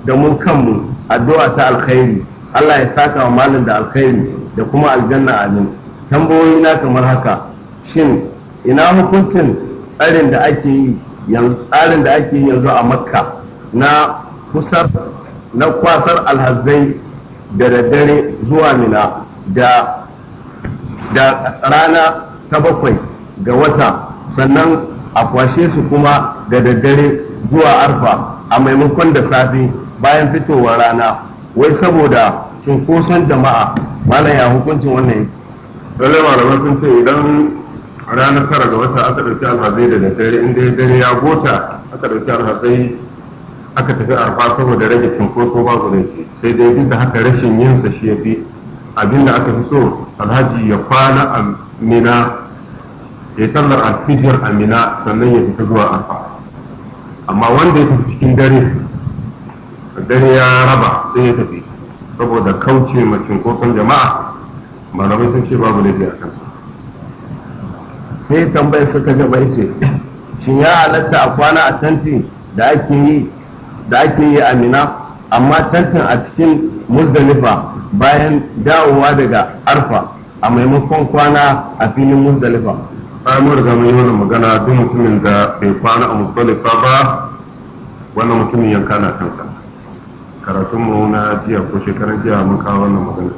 da mun kanmu addu'a ta alkhairi Allah ya saka wa malam da alkhairi da kuma aljanna amin tambayoyi na kamar haka shin ina hukuncin tsarin da ake yi yanzu tsarin da ake yi yanzu a makka na kusar na kwasar alhazai da daddare zuwa mina da da rana ta bakwai ga wata sannan a kwashe su kuma da daddare zuwa arfa a maimakon da safe bayan fitowa rana wai saboda cunkoson jama'a mana ya hukuncin wannan yake. Lallai malamai sun ce idan ranar tara ga wata aka ɗauki alhazai da dare in dai dare ya gota aka ɗauki alhazai aka tafi arfa saboda rage cinkoso babu laifi sai dai duk da haka rashin yin sa shi ya fi abinda aka fi so alhaji ya kwana a mina ya sallar alfijiyar a mina sannan ya fita zuwa arfa amma wanda ya tafi cikin dare dare ya raba sai ya tafi saboda kauce ma cinkoson jama'a malamai sun ce babu laifi a kansa sai tambayar suka gaba ya ce shi ya halatta a kwana a tanti da ake yi da ake yi amina amma tantin a cikin muzdalifa bayan dawowa daga arfa a maimakon kwana a filin muzdalifa riga mun yi wannan magana duk mutumin da bai kwana a muzdalifa ba wannan mutumin yanka na kansa mu na jiya ko shekaran jiya mun kawo wannan magana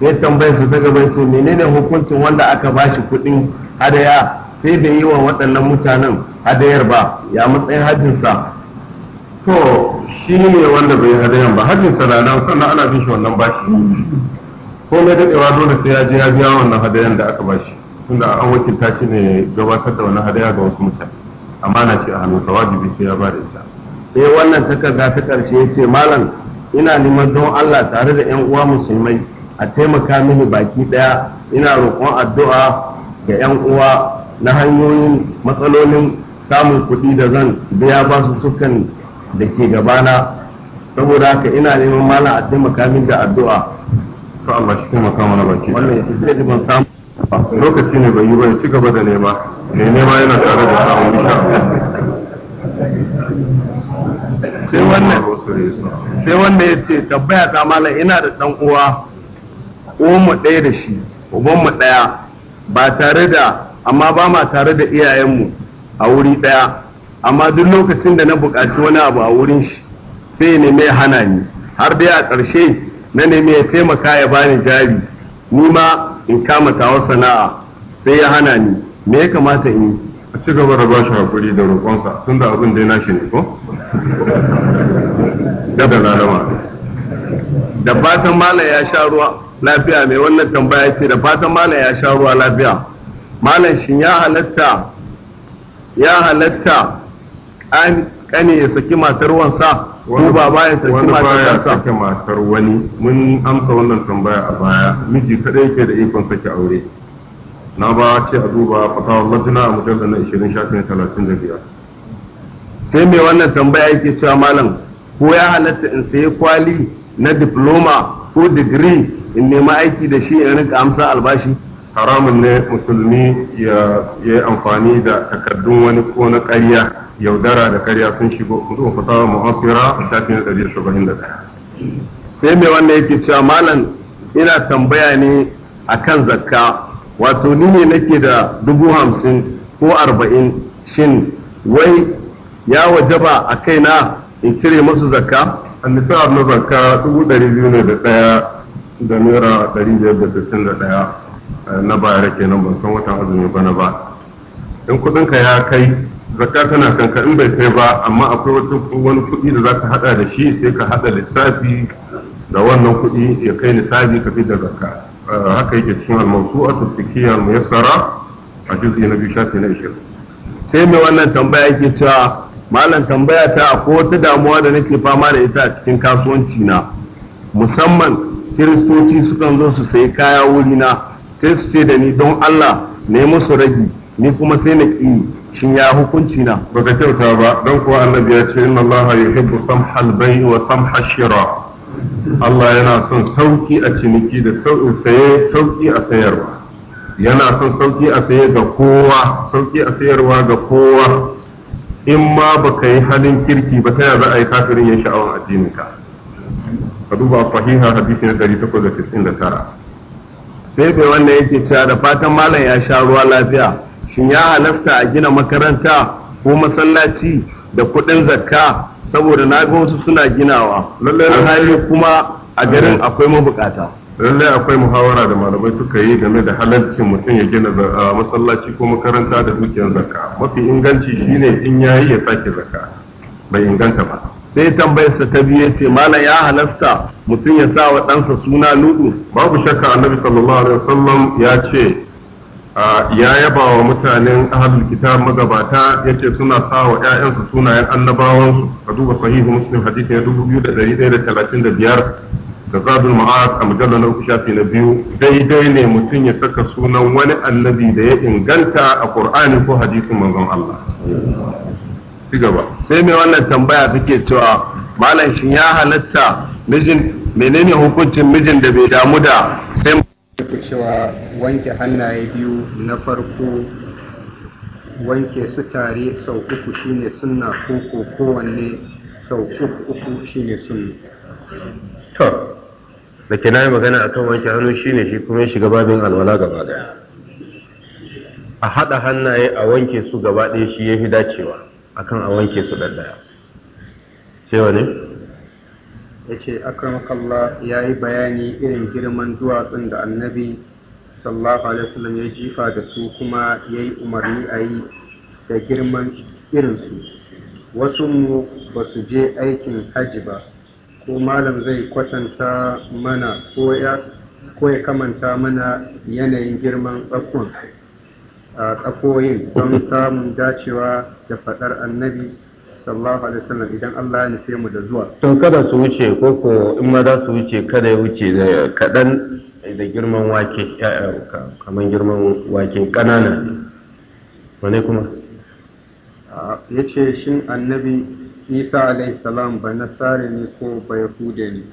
sai tambayi su ta gaban ce menene hukuncin wanda aka ba shi kuɗin hadaya sai bai yi wa waɗannan mutanen hadayar ba ya matsayin hajjinsa to shi ne wanda bai hadayan ba hajjinsa na nan sannan ana bin shi wannan bashi ko mai daɗewa dole sai ya je ya biya wannan hadayan da aka ba shi, tunda an wakilta shi ne gabatar da wani hadaya ga wasu mutane amana ce a hannunsa wajibi sai ya ba da ita sai wannan takarda ta ƙarshe ya ce malam ina neman don Allah tare da 'yan uwa musulmai a taimaka mini baki daya ina roƙon addu'a ga 'yan uwa na hanyoyin matsalolin samun kuɗi da zan biya basu sukan da ke gabana saboda haka ina neman mala a taimaka min da addu'a to Allah shi taimaka mana baki wannan yace sai ban samu lokaci ne bai yi ba ci gaba da nema ne nema yana tare da samu insha sai wannan sai wanda yace tabbaya ta mala ina da dan uwa mu ɗaya da shi mu ɗaya ba tare da amma ba ma tare da iyayenmu a wuri ɗaya amma duk lokacin da na buƙaci wani abu a wurin shi sai ya nemi hana ni har dai a ƙarshe na nemi ya taimaka ya bani jari ni ma in kama tawar sana'a sai ya hana ni me ya kamata in yi a ci gaba da bashi hakuri da roƙonsa tun da abin dai nashi ne ko da da fatan malam ya sha ruwa lafiya mai wannan tambaya ce da fatan malam ya sha ruwa lafiya malam shin ya halatta ya halatta an kane ya saki matar wansa ko baba ya saki matar wansa saki matar wani mun amsa wannan tambaya a baya miji kadai yake da ikon saki aure na ba ce a duba fatawa lajina a mujallar na 20 shafin 35 sai mai wannan tambaya yake cewa malam ko ya halatta in sayi kwali na diploma ko digiri in nema aiki da shi in rika amsa albashi haramun ne musulmi ya yi amfani da takardun wani ko na ƙarya yaudara da ƙarya sun shigo mutum fatawa ma'asira a shafin ɗari saba'in da ɗaya sai mai wanda yake cewa malam ina tambaya ne a kan zakka wato ni ne nake da dubu hamsin ko arba'in shin wai ya wajaba a kaina in cire musu zakka annisa nisab na zakka dubu dari biyu ne da ɗaya da naira ɗari biyar da sittin da ɗaya eh, na bayar kenan ban san watan azumi bana ba in kuɗinka ya kai zakka tana kanka in bai kai ba amma akwai wani kuɗi da za ka haɗa da shi sai ka haɗa lissafi da wannan kuɗi ya kai lissafi ka fi da zakka eh, haka yake cikin al a fiqhiyya a muyassara a juz'i na biyu shafi na ishirin sai mai wannan tambaya yake cewa malam tambaya ta ko wata damuwa da nake fama da ita a cikin kasuwanci na musamman kiristoci sukan zo su sayi kaya wuri na, sai su ce da ni don Allah ne musu ragi ni kuma sai na ƙi shin ya hukunci na baka kyauta ba don kuwa annabi ya ce inna Allah yuhibbu samhal bai wa samha shira Allah yana son sauki a ciniki da saye sauki a sayarwa yana son sauki ga kowa sauki a sayarwa ga kowa in ma baka yi halin kirki ba ta za a yi kafirin yin sha'awar addininka ka duba sahiha hadisi na 899 sai bai wannan yake cewa da fatan malam ya sha ruwa lafiya shin ya halasta a gina makaranta ko masallaci da kuɗin zakka saboda na ga wasu suna ginawa lallai hali kuma a garin akwai mabukata lallai akwai muhawara da malamai suka yi game da halarcin mutum ya gina a masallaci ko makaranta da dukiyar zakka mafi inganci shine in ya yi ya sake zakka bai inganta ba sai tambayarsa ta biyu ce malam ya halasta mutum ya sa wa ɗansa suna nudu babu shakka annabi sallallahu alaihi wasallam ya ce ya yaba wa mutanen ahlul kitab magabata yace suna sa wa ƴaƴansu sunayen annabawansu a duba sahihu muslim hadisi na 2135 da zadul ma'ad a mujallar na uku shafi na biyu daidai ne mutum ya saka sunan wani annabi da ya inganta a ƙur'ani ko hadisin manzon Allah ci gaba sai mai wannan tambaya take cewa malam shi ya halatta mijin menene hukuncin mijin da bai damu da sai cewa wanke hannaye biyu na farko wanke su tare sau uku shine sunna ko kowanne sau uku shine sunna da ke nayi magana akan wanke hannu shine shi kuma ya shiga babin alwala gaba daya a haɗa hannaye a wanke su gaba ɗaya shi ya fi dacewa akan a wanke su ɗaɗɗaya sai wani ya ce akramakalla ya yi bayani irin girman duwatsun da annabi sallallahu alaihi wasallam ya jifa da su kuma ya yi umarni a yi da girman irinsu wasu mu ba su je aikin hajji ba ko malam zai kwatanta mana ko ya kamanta mana yanayin girman tsakon tsakoyin don samun dacewa da faɗar annabi sallallahu alaihi wasallam idan Allah ya nufe mu da zuwa to kada su wuce ko ko in ma za su wuce kada ya wuce da kaɗan da girman wake kamar girman wake ƙanana wane kuma ya ce shin annabi isa alaihi salam ba nasare ne ko ba yahude ne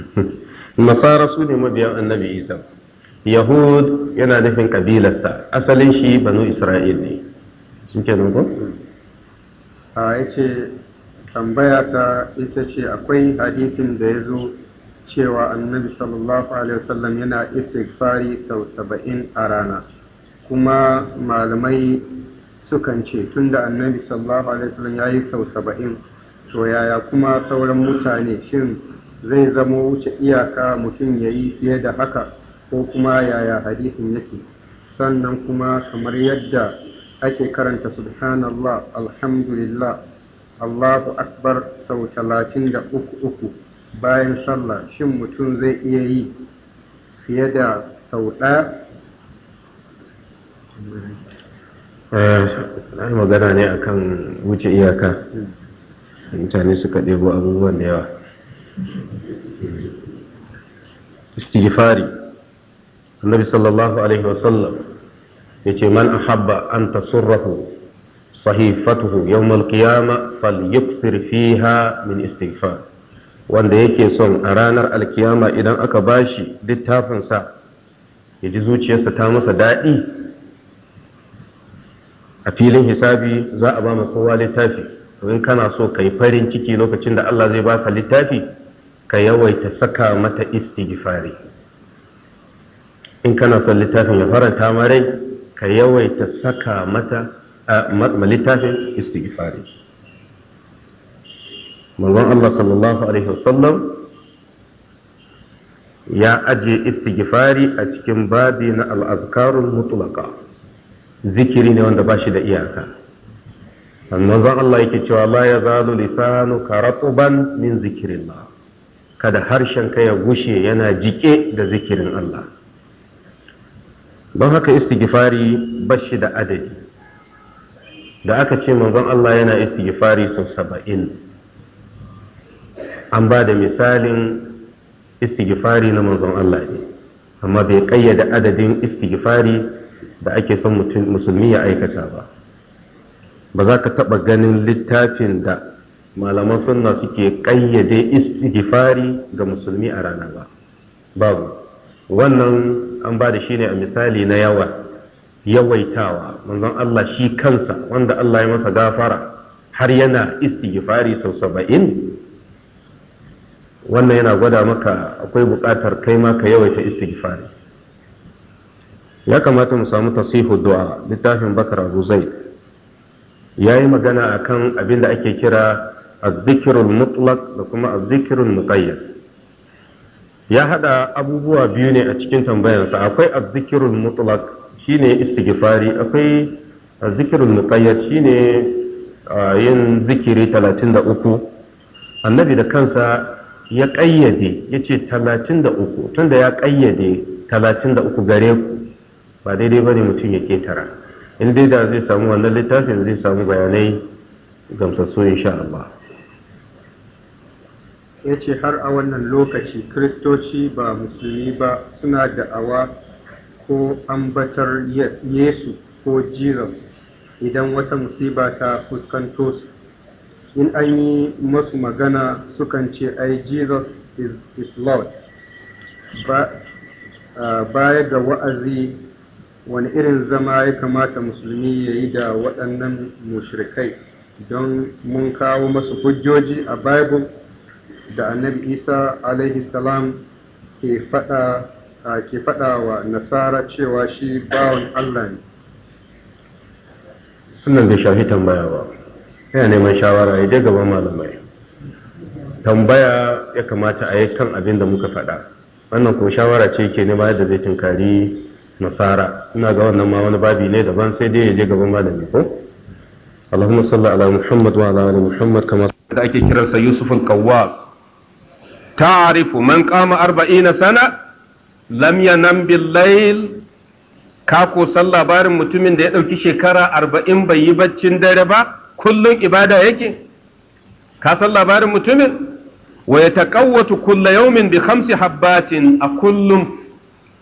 nasara su ne mabiyan annabi isa yahud yana nufin kabilarsa asalin shi banu isra'il ne sun ke nan ko a yace tambaya ta ita ce akwai hadisin da ya zo cewa annabi sallallahu alaihi wasallam yana istighfari sau saba'in a rana kuma malamai sukan ce tun da annabi sallallahu alaihi wasallam ya yi sau saba'in to yaya kuma sauran mutane shin zai zamo wuce iyaka mutum ya yi fiye da haka ko kuma yaya hadisin yake sannan kuma kamar yadda ake karanta subhanallah alhamdulillah allahu akbar sau talatin da uku uku bayan sallah shin mutum zai iya yi fiye da sau ɗaya an magana ne a kan wuce iyaka mutane suka ɗebo abubuwan da yawa istighfari annabi sallallahu alaihi wasallam ya ce man ahabba an tasurrahu sahifatuhu yawm alqiyama falyuksir fiha min istighfar wanda yake son a ranar alkiyama idan aka bashi littafinsa ya ji zuciyarsa ta masa daɗi a filin hisabi za a ba mu kowa littafi in kana so ka yi farin ciki lokacin da Allah zai baka littafi ka yawaita saka mata istighfari in kana son littafin ya faranta ma ka yawaita saka mata littafin istighfari manzon Allah sallallahu alaihi wasallam ya ajiye istighfari a cikin babi na al-azkarul mutlaka zikiri ne wanda ba shi da iyaka zan Allah yake cewa la yazalu lisanuka ban min zikrillah kada harshen ka ya gushe yana jike da zikirin Allah don haka istighfari ba shi da adadi da aka ce manzon Allah yana istighfari sau saba'in an ba da misalin istighfari na manzon Allah ne amma bai kayyada adadin istighfari da ake son musulmi ya aikata ba ba za ka taɓa ganin littafin da malaman sunna suke ƙayyade istighfari ga musulmi a rana ba babu wannan an ba da shi ne a misali na yawa yawaitawa manzon Allah shi kansa wanda Allah ya masa gafara har yana istighfari sau saba'in wannan yana gwada maka akwai buƙatar kai ma ka yawaita istighfari ya kamata mu samu tasihu du'a littafin bakar abu zai ya yi magana a kan abin da ake kira azzikirul mutlak da kuma azzikirul muqayyad ya hada abubuwa biyu ne a cikin tambayarsa akwai azzikirul mutlak shine istighfari akwai azzikirul muqayyad shine yin zikiri 33 annabi da kansa ya kayyade yace 33 tunda ya kayyade 33 gare ku ba daidai ba ne mutum ya ketara in dai da zai samu wannan littafin zai samu bayanai gamsassu insha Allah ya ce har a wannan lokaci kristoci ba musulmi ba suna da awa ko ambatar yesu ko jesus idan wata musiba ta fuskanto su in an yi masu magana sukan ce ai jesus is, is lord ah, baya ga wa'azi wani irin zama ya kamata musulmi ya yi da waɗannan mushrikai don mun kawo masu hujjoji a bible da annabi isa alaihi salam ke faɗa wa nasara cewa shi bawan allah ne sunan da shafi tambaya ba yana neman shawara ya je gaban malamai tambaya ya kamata a yi kan abin da muka faɗa wannan ko shawara ce ke nema yadda zai tunkari nasara ina ga wannan ma wani babi ne daban sai dai ya je gaban malami ko Allahumma salli ala Muhammad wa ala ali Muhammad kama da ake kiransa Yusuf al-Qawwas ta'rifu man qama 40 sana lam yanam bil layl ka ko san labarin mutumin da ya dauki shekara 40 bai yi baccin dare ba kullun ibada yake ka san labarin mutumin wa yataqawwatu kullu yawmin bi khamsi habbatin a kullum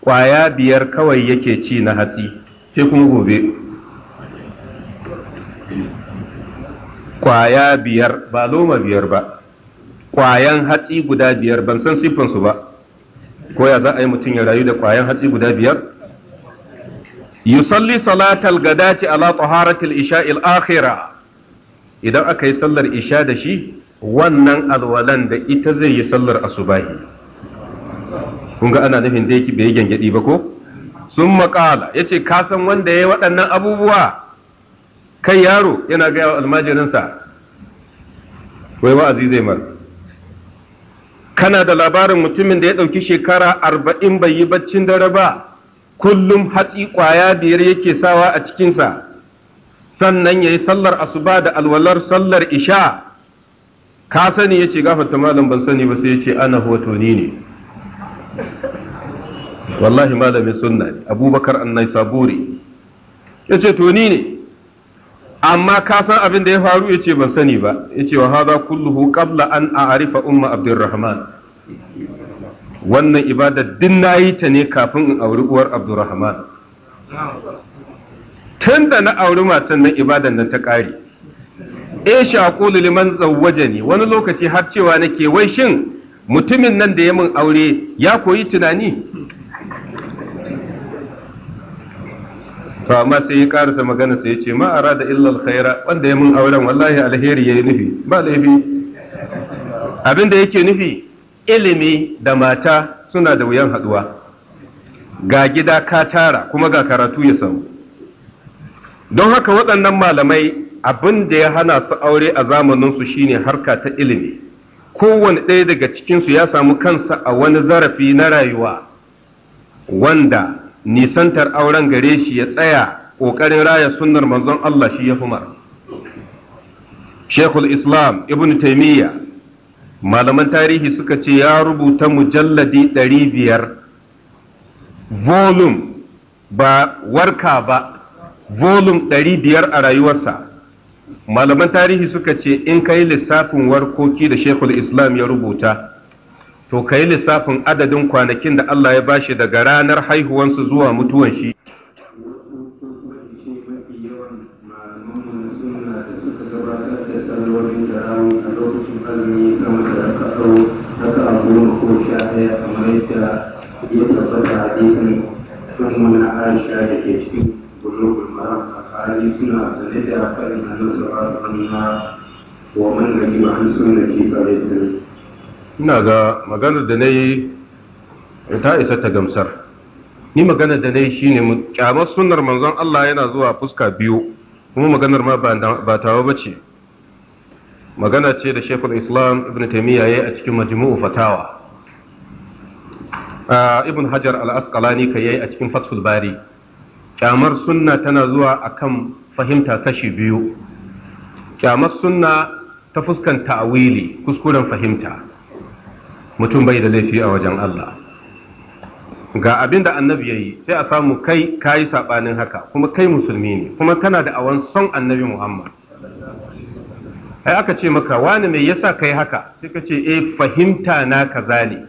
Kwaya biyar kawai yake ci na hatsi sai kuma gobe Kwaya biyar ba loma biyar ba Kwayan hatsi guda biyar ban san siffansu ba ko ya za a yi mutum ya rayu da kwayan hatsi guda biyar yusalli salatal gadaci ala taharatil isha'il akhira idan aka yi sallar isha da shi wannan alwalan da ita zai yi sallar asubahi kun ga ana nufin zai bai gyangyaɗi ba ko sun maƙala ya ce ka san wanda ya yi waɗannan abubuwa kai yaro yana gaya wa almajirinsa wai wa'azi zai mar kana da labarin mutumin da ya ɗauki shekara arba'in bai yi baccin dare ba kullum hatsi ƙwaya biyar yake sawa a cikinsa sannan ya yi sallar asuba da alwalar sallar isha ka sani ya ce gafata malam ban sani ba sai ya ce ana hoto ni ne wallahi malamin sunna ne abubakar annai saburi ya ce to ni ne amma ka san abin da ya faru ya ce ban sani ba ya ce wa haza kulluhu qabla an a'rifa umma abdurrahman wannan ibada din nayi ta ne kafin in auri uwar abdurrahman tun da na auri matan nan ibadan nan ta ƙare e eh, shaqulu liman ne. wani lokaci har cewa nake wai shin mutumin nan da ya min aure ya koyi tunani Fama amma sai ya karasa magana sai ya ce ma arada illa alkhaira wanda ya mun auren wallahi alheri yayi nufi ba laifi abin da yake nufi ilimi da mata suna da wuyan haduwa ga gida ka tara kuma ga karatu ya samu don haka waɗannan malamai abin da ya hana su aure a zamanin su shine harka ta ilimi kowane ɗaya daga cikinsu ya samu kansa a wani zarafi na rayuwa wanda nisantar auren gare shi ya tsaya ƙoƙarin raya sunnar manzon Allah shi ya humar. Shekul Islam Ibn Taymiyyah malaman tarihi suka ce ya rubuta mujalladi ɗari biyar volume ba warka ba volume ɗari biyar a rayuwarsa malaman tarihi suka ce in kai lissafin warkoki da Shekul Islam ya rubuta to ka yi lissafin adadin kwanakin da Allah ya bashi daga ranar haihuwansu zuwa mutuwan shi. ومن رجب عن سنتي فليس ina ga maganar da na yi ta isa ta gamsar ni maganar da na yi shi ne kyamar sunnar manzon Allah yana zuwa fuska biyu kuma maganar ma ba tawa ba ce magana ce da shekul islam ibn taimiyya ya yi a cikin majmu'u fatawa A ibn hajar al-asqalani ka yi a cikin fatful bari kyamar sunna tana zuwa akan fahimta kashi biyu kyamar sunna ta fuskan ta'awili kuskuren fahimta mutum bai da laifi a wajen Allah ga abin da annabi yi, sai a samu kai ka yi saɓanin haka kuma kai musulmi ne kuma kana da awan son annabi Muhammad ai aka ce maka wani mai yasa kai haka sai ka ce eh fahimta na kaza ne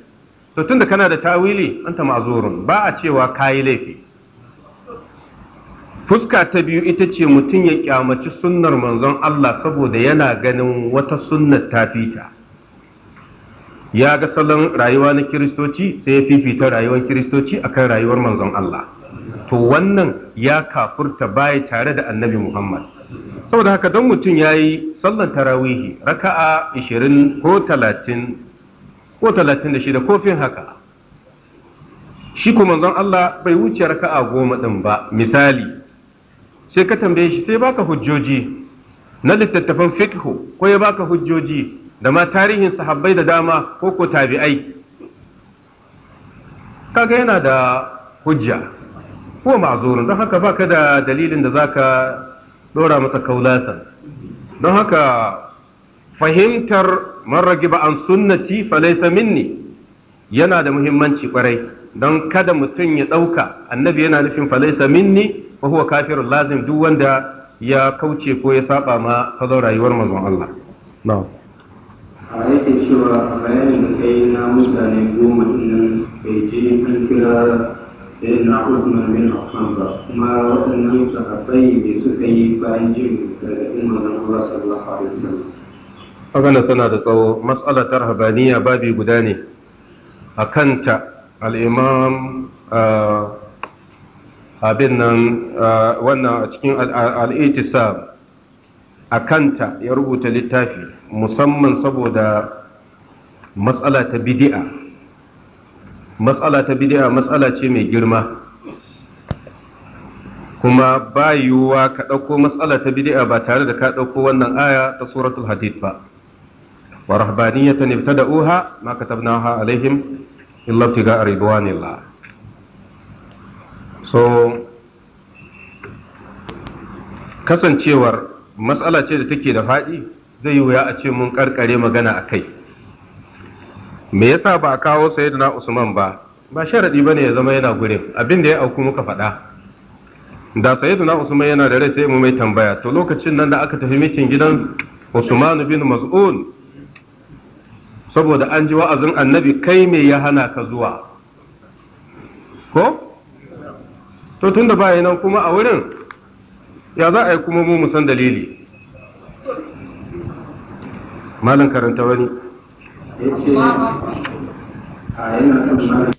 to da kana da tawili anta ma'zurun ba a cewa ka yi laifi fuska ta biyu ita ce mutum ya kyamaci sunnar manzon Allah saboda yana ganin wata sunnar ta fita ya ga salon rayuwa na kiristoci sai ya fifita rayuwar kiristoci akan rayuwar manzon Allah to wannan ya kafurta baya tare da annabi Muhammad saboda haka don mutum ya yi sallar tarawihi raka'a 20 ko 36 kofin haka shi kuma manzon Allah bai wuce raka'a goma ɗin ba misali sai ka tambaye shi sai baka hujjoji na littattafan fiqh ko ya baka hujjoji da ma tarihin sahabbai da dama ko ko tabi'ai kaga yana da hujja ko ma'azurin, don haka baka da dalilin da zaka dora masa kaulasa don haka fahimtar marragi ba an sunnati falaisa minni yana da muhimmanci kwarai don kada mutum ya ɗauka annabi yana nufin falaisa minni fa huwa kafirun lazim duk wanda ya kauce ko ya saba ma salon rayuwar manzon Allah na'am a yake cewa bayanin da kai na mutane goma ɗin bai je an kira da na Usman bin Affan ba kuma waɗannan sahabbai da suka yi bayan jin gargaɗin manzon Allah sallallahu alaihi wasallam magana tana da tsawo matsalar tarhabaniya babi guda ne a kanta al'imam abin nan wannan a cikin al'itisab a kanta ya rubuta littafi musamman saboda matsala ta bidi'a matsala ta bidi'a matsala ce mai girma kuma ba yiwuwa ka ɗauko matsala ta bidi'a ba tare da ka ɗauko wannan aya ta suratul hadid ba wa rahbaniyatan ibtada'uha ma katabnaha alaihim illa ibtiga'a ridwanillah so kasancewar matsala ce da take da faɗi zai yi wuya a ce mun karkare magana a kai me yasa ba a kawo sayyidina usman ba ba sharadi bane ya zama yana gurin abin da ya auku muka faɗa da sayyidina usman yana da rai sai mu mai tambaya to lokacin nan da aka tafi mikin gidan usman bin mas'ud saboda an ji wa'azin annabi kai me ya hana ka zuwa ko to tunda ba nan kuma a wurin ya za a yi kuma mu san dalili malam karanta wani a yana kan malam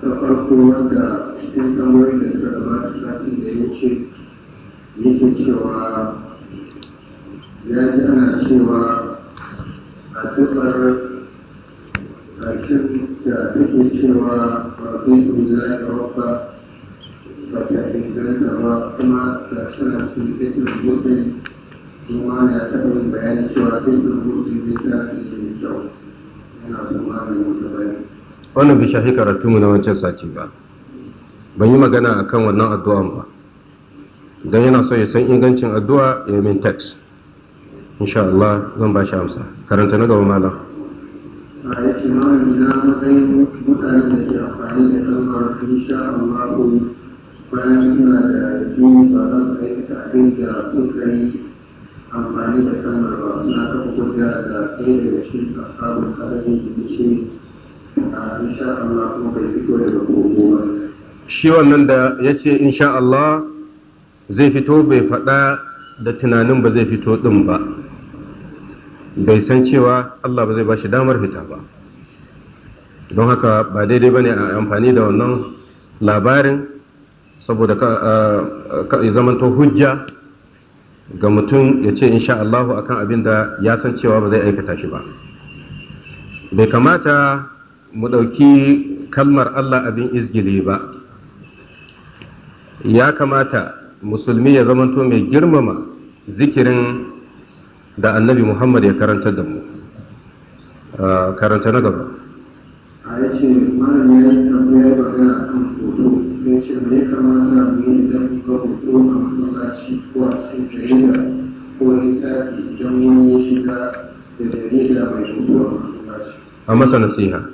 ta farko wanda da suka satin da ya ce yake cewa ya ji ana cewa a tubar ƙarshen da take cewa ba zai yi ya ga wata ba ta inganta ba kuma da suna sun take shi ya taɓa yin bayani cewa fiskin rubutun littafi mai kyau yana son mai musu bayani wannan bai shafi karatunmu na wancan sati ba ban yi magana a kan wannan addu'an ba don yana so ya san ingancin addu'a ya min tax insha Allah zan ba shi amsa karanta na gaba malam a yake mawani na matsayin mutane da ke amfani da kalmar insha Allah bayan suna da jini ba za su aikata abin da suka kai. amfani da kalmar ba suna ta hukunta da ɗaya daga cikin asabar adadin da ke ce a insha Allah kuma bai fito daga kogo ba shi wannan da ya ce insha Allah zai fito bai faɗa da tunanin ba zai fito ɗin ba bai san cewa Allah ba zai ba shi damar fita ba don haka ba daidai ba ne a amfani da wannan labarin saboda ka zamanto hujja ga mutum ya ce in insha Allahu akan abin da ya san cewa ba zai aikata shi ba bai kamata mu ɗauki kalmar Allah abin izgili ba ya kamata musulmi ya zamanto mai girmama zikirin da annabi Muhammad ya karanta da mu ah, karanta na gaba a yace malam ya yi tambaya ba akan hoto ya ce me kamata mu yi masallaci ko a cikin jarida ko littafi don wani shiga da jarida mai rubutu a masallaci. a masa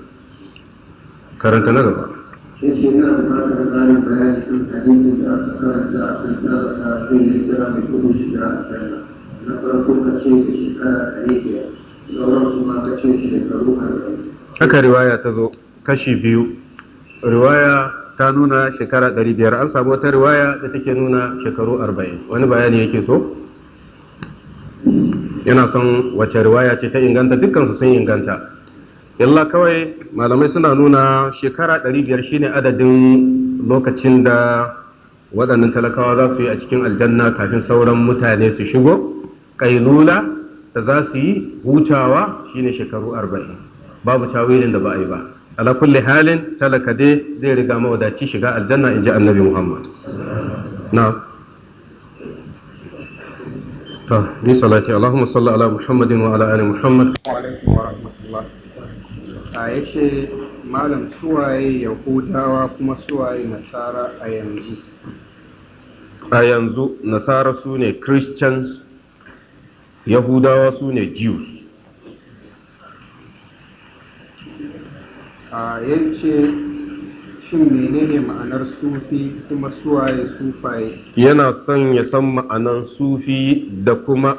karanta na gaba yake yana bukatar tsarin bayani da aka karanta a kan tsarasa zai yi jira mai shi shiga a na farko ka ce da shekara ɗari biyar sauran kuma ka ce shekaru arba'in haka riwaya ta zo kashi biyu riwaya ta nuna shekara 500 an samu wata riwaya da take nuna shekaru 40 wani bayani yake so yana son wace riwaya ce ta inganta dukkansu sun inganta yalla kawai malamai suna nuna shekara 500 shine adadin lokacin da waɗannan talakawa za su yi a cikin aljanna kafin sauran mutane su shigo kailula da za su yi hutawa shine shekaru arba'in babu tawilin da ba a yi ba ala kulli halin talaka dai zai riga mawadaci shiga aljanna in ji annabi muhammad na ta bi salati allahumma salli ala muhammadin wa ala ali muhammad wa alaikum wa rahmatullah a yace malam suwaye yahudawa kuma suwaye nasara a yanzu a yanzu nasara su ne christians yahudawa su ne jews Yan ce shin menene ma'anar sufi kuma suwaye sufaye yana son ya san ma'anar sufi da kuma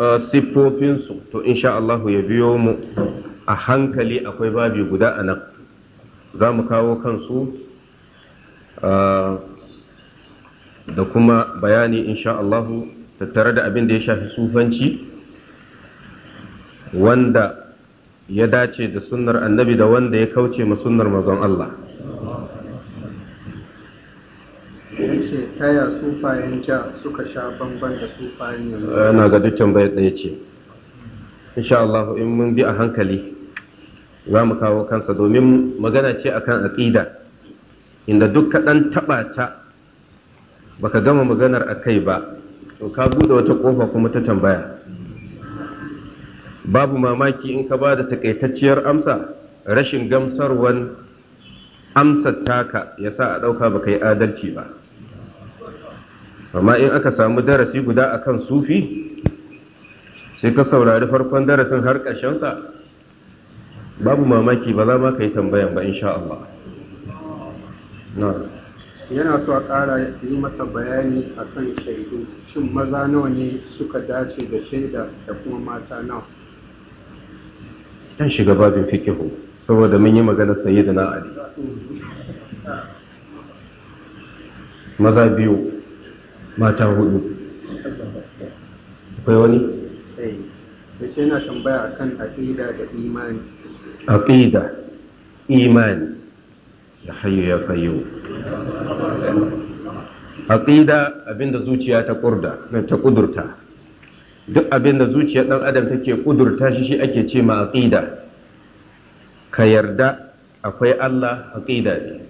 siffofinsu to insha Allah ya biyo mu a hankali akwai babi guda a nan za mu kawo kansu da kuma bayani insha tattare da abin da ya shafi sufanci wanda ya dace da sunnar annabi da wanda ya kauce ma sunnar mazan Allah taya sufayen ja suka sha bamban da sufayen yana eh, ga dukkan bai ɗaya ce insha Allah in mun bi a hankali za mu kawo kansa domin magana ce akan aƙida inda duk kaɗan taɓa ta baka gama maganar a kai ba to ka buɗe wata ƙofa kuma ta tambaya babu mamaki in ka ba da takaitacciyar amsa rashin gamsarwan amsar taka ya sa a ɗauka ba ka yi adalci ba amma in aka samu darasi guda a kan sufi sai ka saurari farkon darasin har ƙarshensa babu mamaki ba za ma ka yi tambayan ba insha Allah yana so a ƙara yi masa bayani akan shaidu cin maza nawa ne suka dace da shaida da kuma mata nawa sun shiga babin fikihu saboda mun yi magana sayyidina ali maza biyu mata hudu akwai wani? sai eh, na tambaya akan aqida da imani aqida imani ya hayo ya fayo aqida abinda zuciya ta kurda ta kudurta duk abin da zuciyar ɗan adam take ƙudurta shi shi ake ce ma aqida ka yarda akwai Allah aqida ne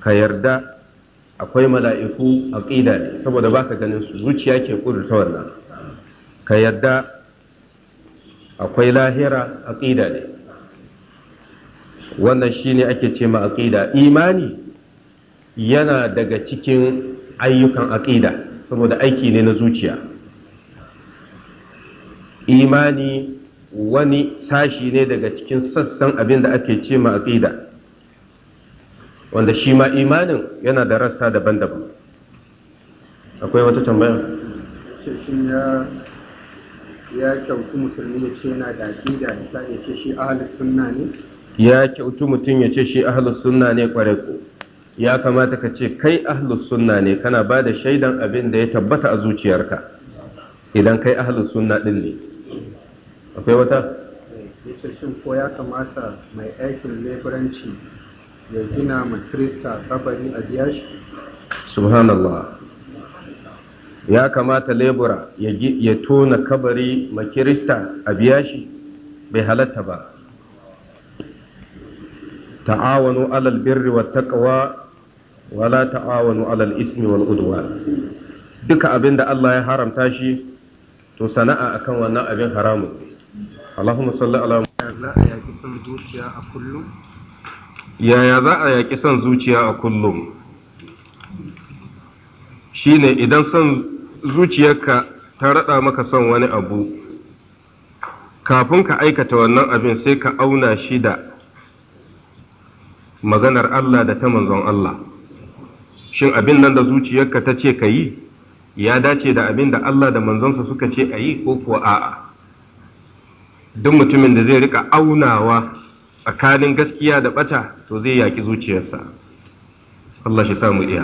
ka yarda akwai mala'iku aqida ne saboda baka ganin su zuciya ke ƙudurta wannan ka yarda akwai lahira aqida ne wannan shine ake ce ma aqida imani yana daga cikin ayyukan aƙida saboda aiki ne na zuciya imani wani sashi ne daga cikin sassan abin da ake ce ma aqida wanda shi ma imanin yana da rassa daban-daban akwai wata tambaya shin ya ya kyautu musulmi ya ce yana da aqida ya ya ce shi ahlus sunna ne ya kyautu mutum ya ce shi ahlus sunna ne kwarai ko ya kamata ka ce kai ahlus sunna ne kana ba da shaidan abin da ya tabbata a zuciyarka idan kai ahlus sunna din ne akwai wata yace shin ko ya kamata mai aikin leburanci ya gina ma krista kabari a biya shi subhanallah ya kamata lebura ya tona kabari ma kirista a biya shi bai halatta ba ta'awanu alal birri wa taqwa wala ta'awanu alal ismi wal udwan duka abinda Allah ya haramta shi to sana'a akan wannan abin haramun Allahumma salli ala za a yaya za a yaƙi son zuciya a kullum Shi ne idan son zuciyarka ta raɗa maka son wani abu kafin ka aikata wannan abin sai ka auna shi da maganar Allah da ta manzon Allah shin abin nan da zuciyarka ta ce ka yi ya dace da abin da Allah da manzonsa suka ce a yi ko kuwa a'a duk mutumin da zai rika aunawa tsakanin gaskiya da bata to zai yaki zuciyarsa Allah shi samu iya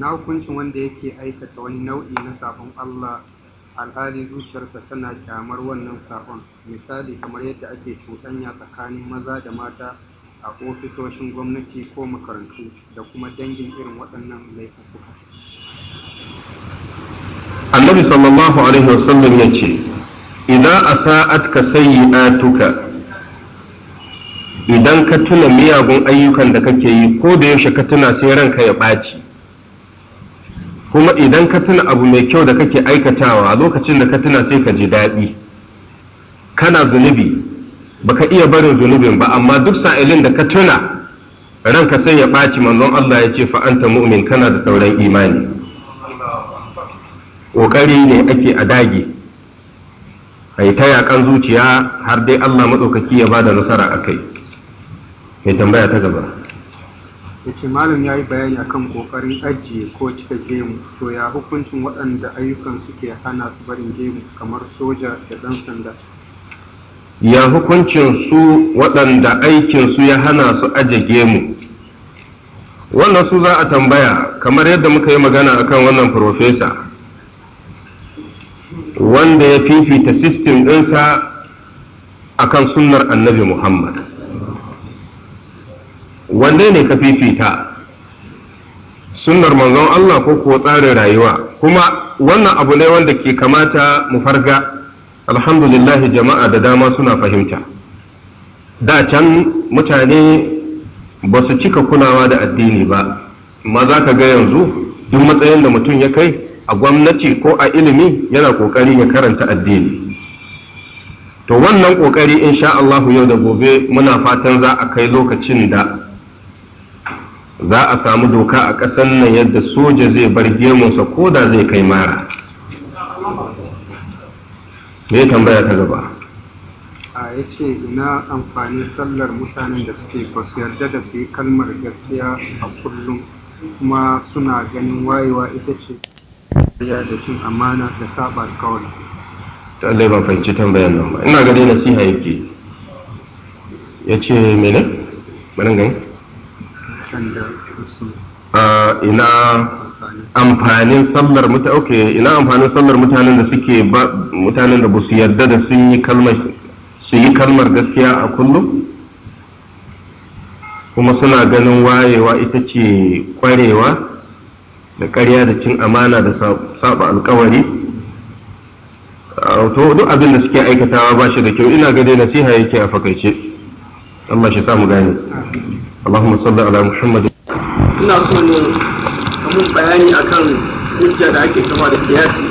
na hukuncin wanda yake aikata wani nau'i na sabon Allah alhali zuciyarsa tana kyamar wannan sabon misali kamar yadda ake cutanya tsakanin maza da mata a ofisoshin gwamnati ko makarantu da kuma dangin irin waɗannan laifuka annabi sallallahu alaihi wasallam ya ce Ina a sa'ad ka atuka, idan ka tuna miyagun ayyukan da kake yi ko da yaushe ka tuna sai ranka ya ɓaci kuma idan ka tuna abu mai kyau da kake aikatawa a lokacin da ka tuna sai ka ji daɗi kana zunubi baka iya barin zunubin ba amma duk sa'ilin da ka tuna ranka sai ya ɓaci manzon Allah ya ce fa'anta mu'min kana da sauran imani ƙoƙari ne ake a dage ai ta yakan zuciya har dai Allah matsaukaki ya bada nasara a kai. mai tambaya ta gaba yace malam ya yi bayani akan kokarin ajiye ko cika gemu to ya hukuncin waɗanda ayyukan suke hana su barin gemu kamar soja da ɗan sanda ya hukuncin su waɗanda aikin su ya hana su aje gemu wannan su za a tambaya kamar yadda muka yi magana akan wannan profesa wanda ya fifita sistem ɗinsa a kan sunnar annabi Muhammad. Wanne ne ka fifita? Sunnar manzon Allah ko kuwa tsarin rayuwa, kuma wannan abu ne wanda ke kamata mu farga, alhamdulillahi jama'a da dama suna fahimta. Da can mutane ba su cika kunawa da addini ba, ma za ka ga yanzu duk matsayin da mutum ya kai a gwamnati ko a ilimi yana ƙoƙari ya karanta addini to wannan ƙoƙari insha Allahu yau da gobe muna fatan za a kai lokacin da za a samu doka a ƙasar nan yadda soja zai bar gemunsa ko da zai kai mara me tambaya ta gaba a ya ce ina amfani sallar mutanen da suke ba su yarda da su yi kalmar gaskiya a kullum kuma suna ganin wayewa ita ce ya da cin amana da saba alkawari to ba fahimci tambayar nan ba ina ga nasiha yake yace mene bari gani ina amfanin sallar mutane ina amfanin sallar mutanen da suke ba mutanen da su yarda da sun yi kalmar su yi kalmar gaskiya a kullum kuma suna ganin wayewa ita ce kwarewa da ƙarya da cin amana da saba alkawari to duk abin da suke aikatawa ba shi da kyau ina ga dai nasiha yake a fakaice amma shi samu gane Allahumma salli ala Muhammad ina so ne mun bayani akan hujja da ake kama da kiyasi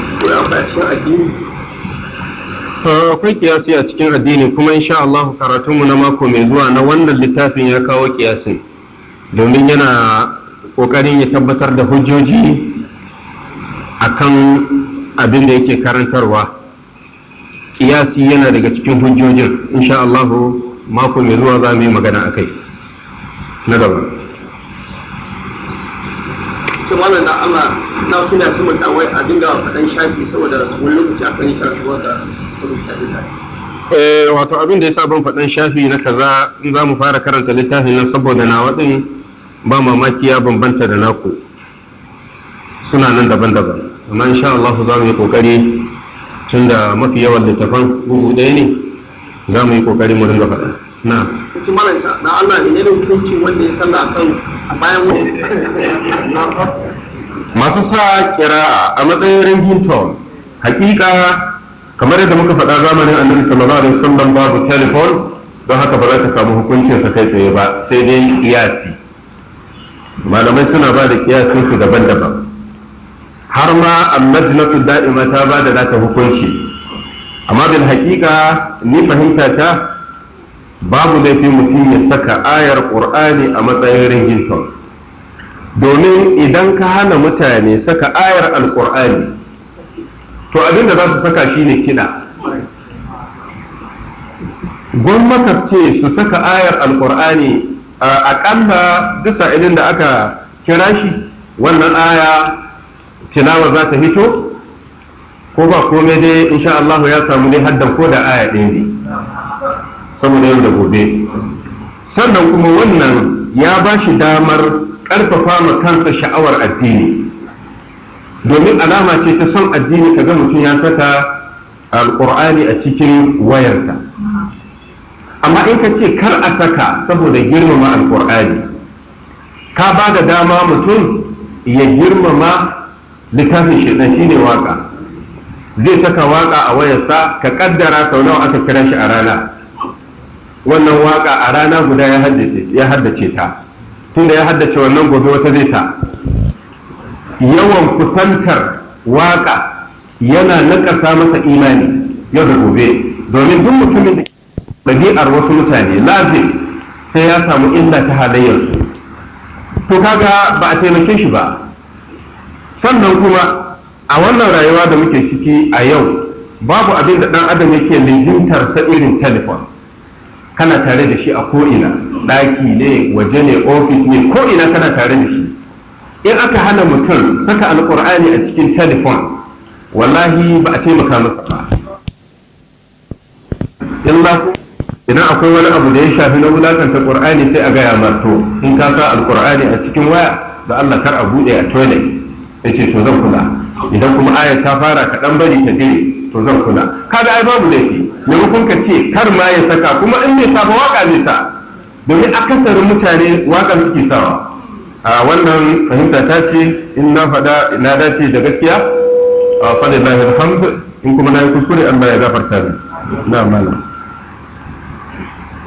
ko ya cikin addini akwai kiyasi a cikin addini kuma insha Allah karatunmu na mako mai zuwa na wannan littafin ya kawo kiyasin domin yana ƙoƙarin ya tabbatar da hujjoji akan abin da yake karantarwa kiyasi yana daga cikin hujjojin insha Allahu mako mai zuwa za mu yi magana a kai na gaba malam da Allah na suna su mutu a dinga faɗan shafi saboda wani lokaci akan yi karatuwa da eh, wato abin da ya sa ban faɗan shafi na kaza in za mu fara karanta littafin nan saboda na waɗin ba mamaki ya bambanta da naku suna nan daban-daban amma insha Allah za mu yi kokari tun da mafi yawan littafan gugu ɗaya ne za mu yi kokari mu dinga faɗa na cikin malam na Allah ne yana hukunci wanda ya salla a kan a bayan wani masu sa kira a matsayin tom hakika kamar yadda muka faɗa zamanin annabi sallallahu alaihi wasallam babu telefon don haka ba za ka samu hukuncin sa kai tsaye ba sai dai kiyasi malamai suna ba da kiyasin su daban-daban har ma annajnatu da'ima ta ba da nata hukunci amma bil haƙiƙa ni fahimta ta babu laifin mutum ya saka ayar ƙur'ani a matsayin ringington domin idan ka hana mutane saka ayar alƙur'ani to abin da za su saka shine kiɗa gwamnati ce su saka ayar alƙur'ani A aƙalla duk sa'ilin da aka kira shi wannan aya tilawa za ta hito ko ba komai dai insha Allah ya samu dai haddan ko da aya ɗaya ne saboda yau da gobe sannan kuma wannan ya ba shi damar ƙarfafa ma kansa sha'awar addini domin alama ce ta son addini ga mutum ya saka alƙur'ani a cikin wayarsa amma in ka ce kar a saka saboda girmama alkur'ani ka ba da dama mutum ya girmama littafin shi ne waka zai saka waka a wayarsa ka kaddara sau nawa aka kira shi a rana wannan waka a rana guda ya haddace ta tunda ya haddace wannan gobe wata zai ta yawan kusantar waka yana nakasa masa imani yau da gobe domin duk mutumin da ɗabi'ar wasu mutane lazim sai ya samu inda ta halayyarsu to kaga ba a taimake shi ba sannan kuma a wannan rayuwa da muke ciki a yau babu abin da ɗan adam yake lizintar sa irin telefon kana tare da shi a ko'ina ɗaki ne waje ne ofis ne ko'ina kana tare da shi in aka hana mutum saka alƙur'ani a cikin telefon wallahi ba a taimaka masa ba in idan akwai wani abu da ya shafi na wulakanta qur'ani sai a gaya marto in ka sa alqur'ani a cikin waya da Allah kar a bude a toilet yace to zan kula idan kuma ayar ta fara ka dan bari ta je to zan kula kaga ai babu laifi hukun ka ce kar ma ya saka kuma in bai sa waka sa domin akasarin mutane waka suke sawa a wannan fahimta ta ce in na faɗa na dace da gaskiya Fa fadin lahir in kuma na yi kuskure Allah ya gafarta ni na malam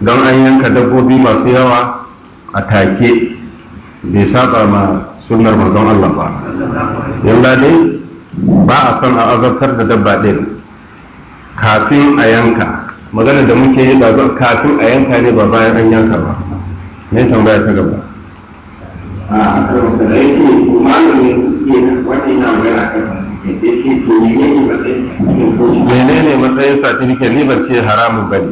don an yanka dabbobi masu yawa a take bai saba ma sunar manzon Allah ba yanda dai ba a son a azabtar da dabba ɗin kafin a yanka magana da muke yi ba kafin a yanka ne ba bayan an yanka ba ne tambaya ta gaba a yake malamin menene matsayin satifiket ne ban ce haramun ba ne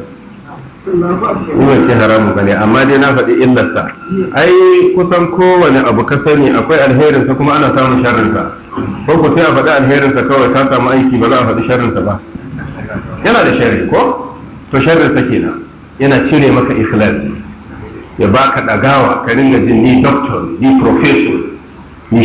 ce haramun bane amma dai na faɗi illarsa ai kusan kowane abu ka sani akwai alherinsa kuma ana samun sharrinsa ko ku sai a faɗi alherinsa kawai ka samu aiki ba za a faɗi sharrinsa ba yana da sharri ko to sharrinsa kenan yana cire maka ikhlas ya baka ɗagawa ka ringa jin ni doctor ni professor ni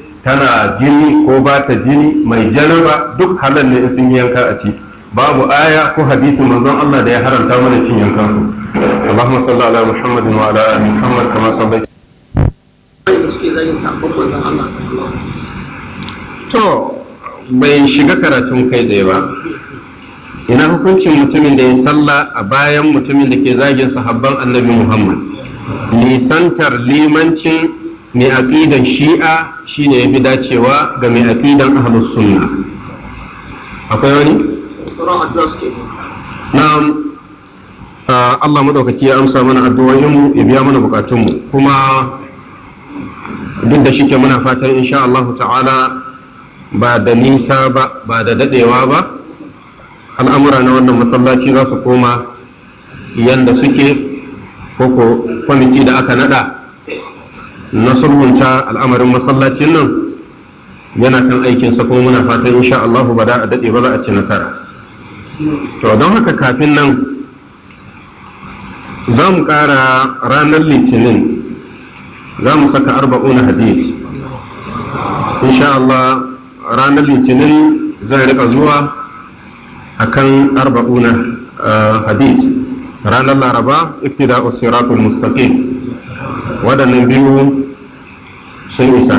tana jini ko ba ta jini mai janaba duk halal ne sun yi yanka a ci babu aya ko hadisi manzon Allah da ya haramta mana cin yankan su Allahumma salli ala Muhammad wa ala ali Muhammad kama sallaita to bai shiga karatun kai da ba ina hukuncin mutumin da ya salla a bayan mutumin da ke zagin sahabban annabi Muhammad nisantar limancin mai aqidan shi'a Shi ne ya fi dacewa ga mai aƙidan ahlus sunna akwai wani na'am ah, Allah maɗaukaki ya amsa mana addu'o'inmu ya biya mana bukatunmu kuma duk da shi ke muna fatan insha Allah ta'ala ba da nisa ba ba da daɗewa ba al'amura na wannan masallaci za su koma yanda suke ko kwamiti da aka naɗa. na sulhunta al'amarin masallacin nan yana kan aikinsa kuma muna fatan insha Allah ba da a daɗe ba za a ci nasara to don haka kafin nan za mu ƙara ranar litinin za mu saka arba'una hadis insha Allah ranar litinin zai rika zuwa akan arba'una eh, hadis ranar laraba iftida'us siratul mustaqim waɗannan biyu sun isa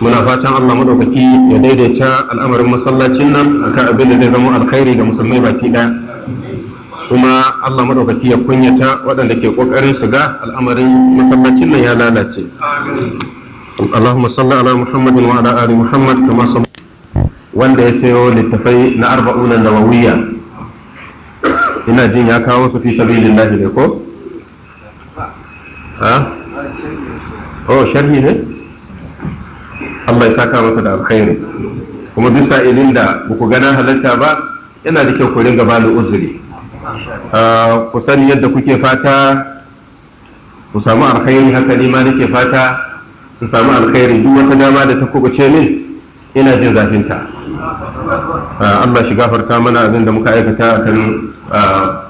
muna fatan Allah madaukaki ya daidaita al'amarin masallacin nan akan abin da zai zama alkhairi ga musulmai baki ɗaya kuma Allah madaukaki ya kunyata waɗanda ke ƙoƙarin su ga al'amarin masallacin nan ya lalace اللهم صل على محمد وعلى آل محمد كما صل wanda ya sayo littafai na arba'una nawawiyya ina jin ya kawo su fi sabilillahi da ko ha oh sharhi ne Allah ya saka masa da alkhairi kuma duk sa'ilin da baku ku gana halarta ba yana da kyau ku gaba da uzuri ah, ku sani yadda kuke fata ku samu alkhairi haka ma nake fata ku samu alkhairi duk wata dama da ta kubuce min ina jin zafinta. ta ah, Allah shi gafarta mana abin da muka aikata a kan. Ah,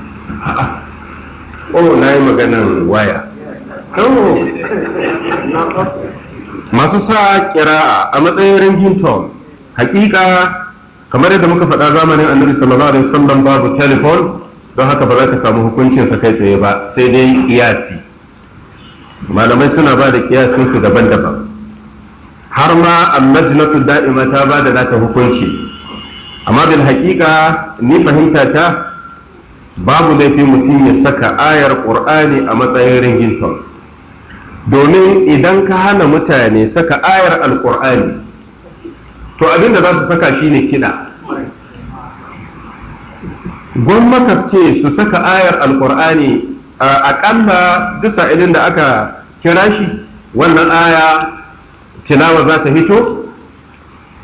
oh na yi waya masu sa kira a matsayin ringin tom hakika kamar yadda muka faɗa zamanin annabi sallallahu alaihi wasallam babu telefon don haka ba za ka samu hukuncin sa kai tsaye ba sai dai kiyasi malamai suna ba da kiyasin su daban-daban har ma annajnatu da'ima ta ba da nata hukunci amma bil hakika ni fahimta ta babu laifin mutum ya saka ayar ƙur'ani a matsayin ringington domin idan ka hana mutane saka ayar alƙur'ani to abinda za su saka shine kiɗa gwamnati ce su saka ayar alƙur'ani aƙalla dusa idan da aka kira shi wannan aya tilawa za ta hito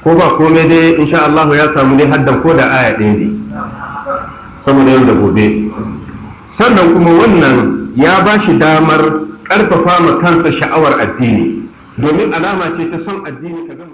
ko ba komai dai insha Allah ya samu ne haddan ko da aya ɗaya ne saboda yau da gobe sannan kuma wannan ya ba shi damar ƙarfafa ma kansa sha'awar addini domin alama ce ta son addini ka